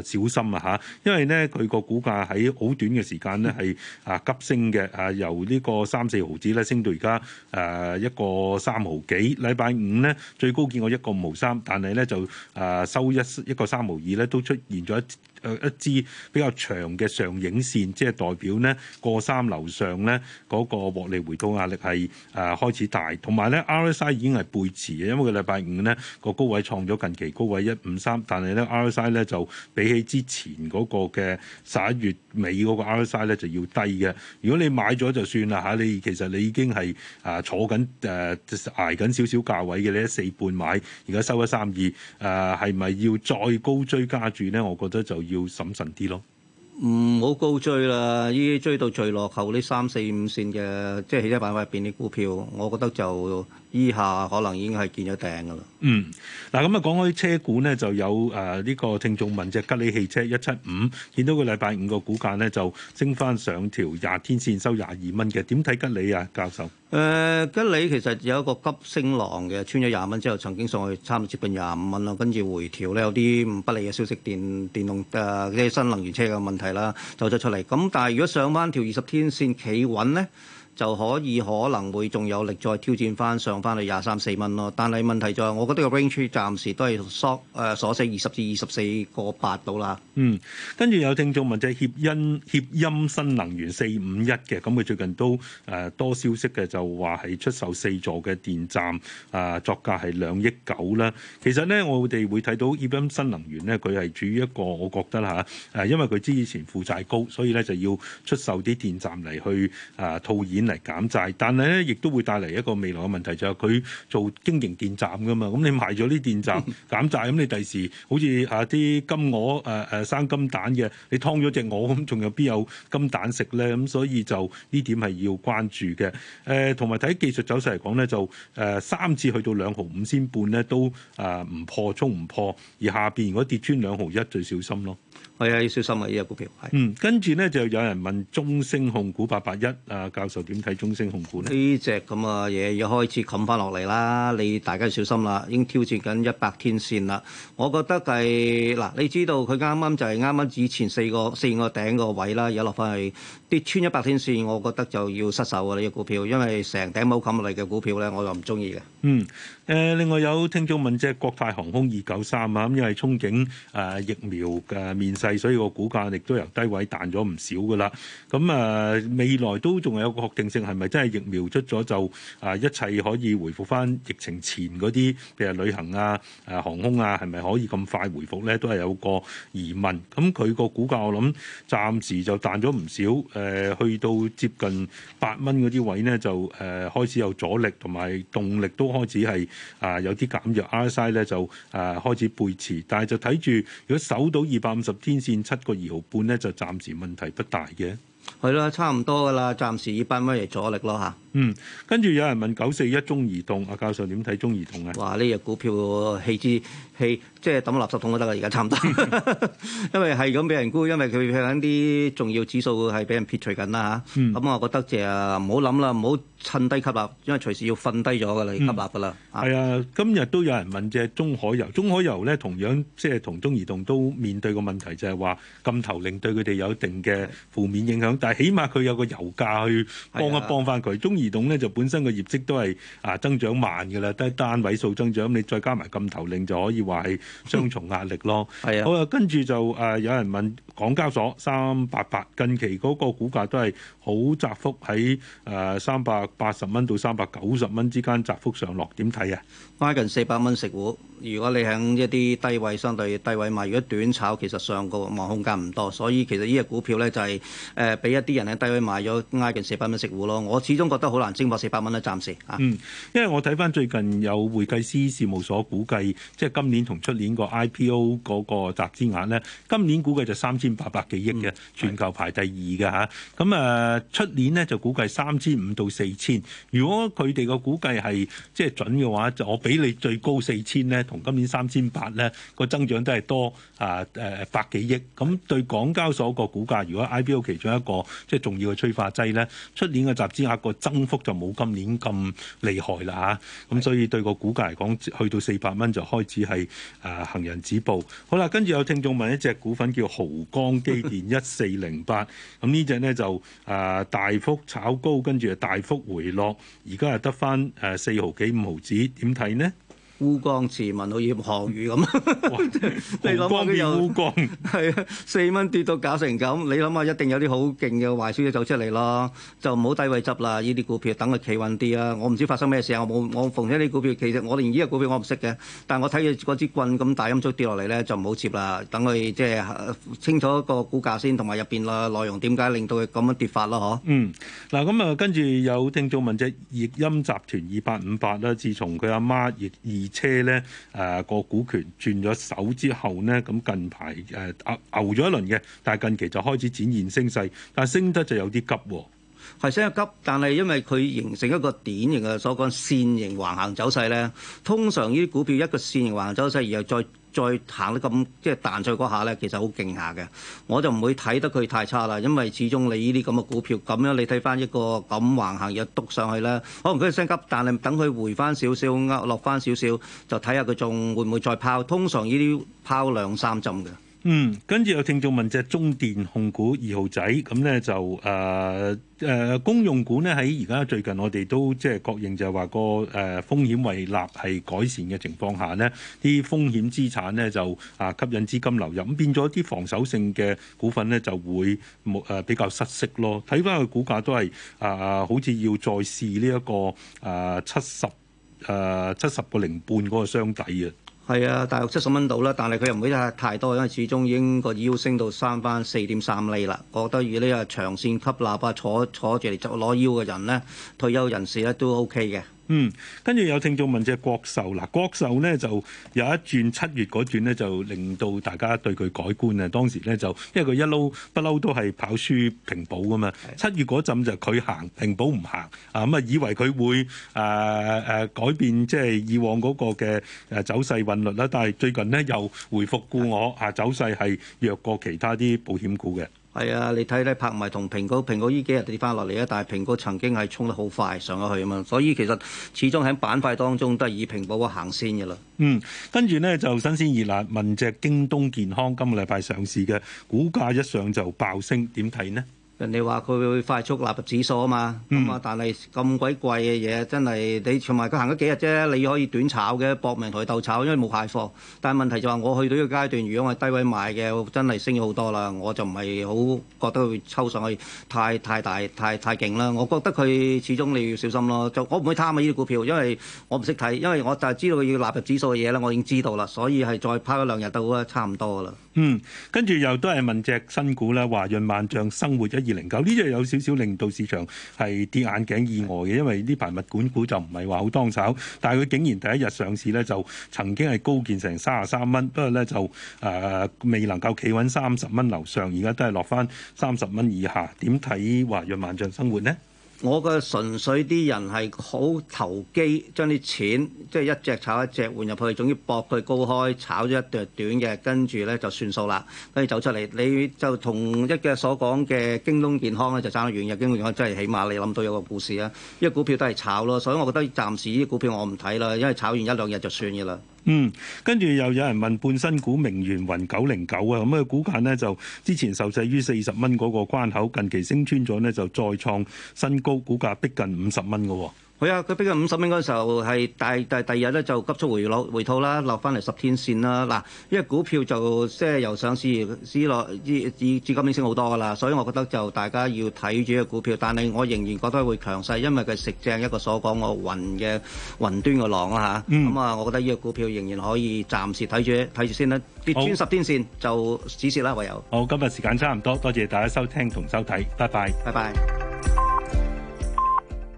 誒小心啊嚇，因為咧佢個股價喺好短嘅時間咧係啊急升嘅，啊由呢個三四毫子咧升到而家誒。誒一個三毫幾，禮拜五咧，最高見過一個五毫三，但係咧就誒、呃、收一一個三毫二咧都出現咗。誒一支比較長嘅上影線，即係代表咧過三樓上咧嗰、那個獲利回吐壓力係誒、呃、開始大，同埋咧 RSI 已經係背馳嘅，因為個禮拜五咧、那個高位創咗近期高位一五三，但係咧 RSI 咧就比起之前嗰個嘅十一月尾嗰個 RSI 咧就要低嘅。如果你買咗就算啦嚇、啊，你其實你已經係誒、呃、坐緊誒捱、呃、緊少少價位嘅，你一四半買，而家收咗一三二誒，係、呃、咪要再高追加注咧？我覺得就要。要審慎啲咯，唔好高追啦！依追到最落後呢三四五線嘅，即係汽車板塊入邊啲股票，我覺得就。以下可能已經係見咗頂噶啦。嗯，嗱咁啊，講開車股呢，就有誒呢、呃、這個聽眾問隻吉利汽車一七五，見到個禮拜五個股價呢，就升翻上條廿天線，收廿二蚊嘅。點睇吉利啊，教授？誒、呃，吉利其實有一個急升浪嘅，穿咗廿蚊之後，曾經上去差唔多接近廿五蚊啦，跟住回調呢，有啲不利嘅消息，電電動誒啲、呃、新能源車嘅問題啦走咗出嚟。咁但係如果上翻條二十天線企穩呢？就可以可能會仲有力再挑戰翻上翻去廿三四蚊咯，但係問題就係，我覺得個 range 暫時都係鎖誒鎖死二十至二十四個八到啦。嗯，跟住有聽眾問就係協欣協欣新能源四五一嘅，咁佢最近都誒、呃、多消息嘅，就話係出售四座嘅電站，啊、呃、作價係兩億九啦。其實呢，我哋會睇到協欣新能源呢，佢係處於一個我覺得嚇誒、啊，因為佢之前負債高，所以咧就要出售啲電站嚟去啊、呃、套現。嚟減債，但係咧亦都會帶嚟一個未來嘅問題，就係、是、佢做經營電站嘅嘛。咁你賣咗啲電站減債，咁你第時好似啊啲金鵝誒誒、呃、生金蛋嘅，你劏咗隻鵝咁，仲有邊有金蛋食咧？咁所以就呢點係要關注嘅。誒、呃，同埋睇技術走勢嚟講咧，就誒、呃、三次去到兩毫五仙半咧，都誒唔破衝唔破，而下邊如果跌穿兩毫一，就要小心咯。係啊，要小心啊！呢隻股票係。嗯，跟住咧就有人問中升控股八八一啊，教授點睇中升控股咧？呢隻咁嘅嘢，又開始冚翻落嚟啦！你大家小心啦，已經挑戰緊一百天線啦。我覺得係嗱，你知道佢啱啱就係啱啱以前四個四個頂個位啦，而家落翻去跌穿一百天線，我覺得就要失手啊！呢隻股票，因為成頂冇冚落嚟嘅股票咧，我就唔中意嘅。嗯。誒，另外有聽眾問即國泰航空二九三啊，咁因為憧憬誒疫苗嘅面。所以個股價亦都由低位彈咗唔少噶啦，咁、啊、誒未來都仲有個確定性，係咪真係疫苗出咗就啊一切可以回復翻疫情前嗰啲，譬如旅行啊、誒、啊、航空啊，係咪可以咁快回復咧？都係有個疑問，咁佢個股價我諗暫時就彈咗唔少，誒、啊、去到接近八蚊嗰啲位咧就誒、啊、開始有阻力，同埋動力都開始係啊有啲減弱，RSI 咧就誒、啊、開始背馳，但係就睇住如果守到二百五十天。天線七個二毫半咧，就暫時問題不大嘅。係啦，差唔多㗎喇，暫時二百蚊嚟阻力咯吓。 嗯，跟住有人問九四一中移動，阿、啊、教授點睇中移動啊？話呢隻股票棄之棄，即係抌垃圾桶都得啦，而家差唔多 因。因為係咁俾人沽，因為佢向啲重要指數係俾人撇除緊啦吓。咁我覺得就唔好諗啦，唔好趁低吸納啦，因為隨時要瞓低咗㗎啦，吸納㗎啦。係啊，今日都有人問隻中海油，中海油咧同樣即係同中移動都面對個問題就係、是、話禁投令對佢哋有一定嘅負面影響，的但係起碼佢有個油價去幫一幫返佢的中移動咧就本身個業績都係啊增長慢嘅啦，得單位數增長。你再加埋禁投令，就可以話係雙重壓力咯。係 啊，好啊。跟住就誒有人問港交所三八八，近期嗰個股價都係好窄幅喺誒三百八十蚊到三百九十蚊之間窄幅上落，點睇啊？挨近四百蚊食糊。如果你喺一啲低位，相對低位買，如果短炒，其實上個望空間唔多。所以其實呢隻股票咧就係誒俾一啲人喺低位買咗挨近四百蚊食糊咯。我始終覺得。好難升翻四百蚊啦，暫時嚇。嗯，因為我睇翻最近有會計師事務所估計，即係今年同出年個 IPO 嗰個集資額咧，今年估計就三千八百幾億嘅，全球排第二嘅嚇。咁誒出年呢就估計三千五到四千。如果佢哋嘅估計係即係準嘅話，就我俾你最高四千咧，同今年三千八咧個增長都係多啊誒百幾億。咁對港交所個股價，如果 IPO 其中一個即係重要嘅催化劑咧，出年嘅集資額個增幅就冇今年咁厲害啦吓，咁所以對個股價嚟講，去到四百蚊就開始係誒行人止步。好啦，跟住有聽眾問一隻股份叫濠江機電一四零八，咁呢隻呢就誒大幅炒高，跟住又大幅回落，而家係得翻誒四毫幾五毫子，點睇呢？ 烏江詞文好似項羽咁，你諗下佢又係啊四蚊跌到搞成咁，你諗下一定有啲好勁嘅壞消息走出嚟咯，就唔好低位執啦。呢啲股票等佢企穩啲啊！我唔知發生咩事啊！我我逢咗啲股票，其實我連呢個股票我唔識嘅，但我睇佢嗰支棍咁大陰燭跌落嚟咧，就唔好接啦。等佢即係清楚個股價先，同埋入邊內內容點解令到佢咁樣跌法咯。嗬。嗯。嗱咁啊，跟住有聽眾問隻易鑫集團二八五八啦，自從佢阿媽易而車咧，誒個股權轉咗手之後咧，咁近排誒、呃、牛咗一輪嘅，但係近期就開始展現升勢，但係升得就有啲急喎。係升得急，但係因為佢形成一個典型嘅所講線型橫行走勢咧，通常呢啲股票一個線型橫行走勢，然後再再行得咁即係彈出嗰下咧，其實好勁下嘅。我就唔會睇得佢太差啦，因為始終你呢啲咁嘅股票咁樣，你睇翻一個咁橫行又篤上去咧，可能佢係升急，但係等佢回翻少少，壓落翻少少，就睇下佢仲會唔會再拋。通常呢啲拋兩三針嘅。嗯，跟住有聽眾問隻中電控股二號仔，咁、嗯、咧就誒誒、呃呃、公用股咧喺而家最近我哋都即係確認就係話、那個誒、呃、風險胃納係改善嘅情況下呢啲風險資產咧就啊吸引資金流入，咁變咗啲防守性嘅股份咧就會冇誒、呃、比較失色咯。睇返佢股價都係啊、呃，好似要再試呢、這、一個啊七十誒七十個零半嗰個箱底啊。係啊，大概七十蚊到啦，但係佢又唔會太多，因為始終已經個腰升到三番四點三厘啦。覺得依啲啊長線吸喇叭坐坐住嚟攞腰嘅人呢，退休人士咧都 OK 嘅。嗯，跟住有聽眾問隻國壽，嗱，國壽咧就有一轉七月嗰段咧，就令到大家對佢改觀啊！當時咧就因為佢一撈不嬲都係跑輸平保㗎嘛，七月嗰陣就佢行平保唔行啊，咁啊以為佢會誒誒、啊啊、改變即係以往嗰個嘅誒走勢運律啦，但係最近呢，又回復故我啊，走勢係弱過其他啲保險股嘅。係啊，你睇睇拍賣同蘋果，蘋果呢幾日跌翻落嚟啊！但係蘋果曾經係衝得好快上咗去啊嘛，所以其實始終喺板塊當中都係以蘋果行先嘅咯。嗯，跟住呢，就新鮮熱辣，問隻京東健康今個禮拜上市嘅股價一上就爆升，點睇呢？人哋話佢會快速納入指數啊嘛，咁啊，但係咁鬼貴嘅嘢真係你，同埋佢行咗幾日啫，你可以短炒嘅，搏命同佢鬥炒，因為冇派貨。但係問題就係我去到呢個階段，如果我係低位買嘅，真係升咗好多啦，我就唔係好覺得佢抽上去太太大太太勁啦。我覺得佢始終你要小心咯。就我唔可以貪啊，呢啲股票，因為我唔識睇，因為我就係知道佢要納入指數嘅嘢啦，我已經知道啦，所以係再拋兩日到啊，差唔多啦。嗯，跟住又都係問隻新股啦，華潤萬象生活一業。零九呢，就有少少令到市場係跌眼鏡意外嘅，因為呢排物管股就唔係話好當炒。但係佢竟然第一日上市呢，就曾經係高見成三十三蚊，不過呢就誒、呃、未能夠企穩三十蚊樓上，而家都係落翻三十蚊以下，點睇華潤萬象生活呢？我個純粹啲人係好投機將，將啲錢即係一隻炒一隻換入去，總之搏佢高開，炒咗一對短嘅，跟住咧就算數啦。跟住走出嚟，你就同一嘅所講嘅京東健康咧，就爭得遠嘅。京東健康真係起碼你諗到有個故事啦。因為股票都係炒咯，所以我覺得暫時呢啲股票我唔睇啦，因為炒完一兩日就算嘅啦。嗯，跟住又有人問半新股明源雲九零九啊，咁啊股價呢，就之前受制於四十蚊嗰個關口，近期升穿咗呢，就再創新高，股價逼近五十蚊嘅。係啊，佢俾佢五十蚊嗰時候係，但但第二日咧就急速回落回套啦，落翻嚟十天線啦。嗱、嗯，因為股票就即係由上市至今，依依資金已升好多噶啦，所以我覺得就大家要睇住隻股票，但係我仍然覺得會強勢，因為佢食正一個所講，我雲嘅雲端嘅浪啊吓。咁啊，我覺得呢隻股票仍然可以暫時睇住睇住先啦。跌穿十天線就止蝕啦，唯有。好，今日時間差唔多，多謝大家收聽同收睇，拜拜。拜拜。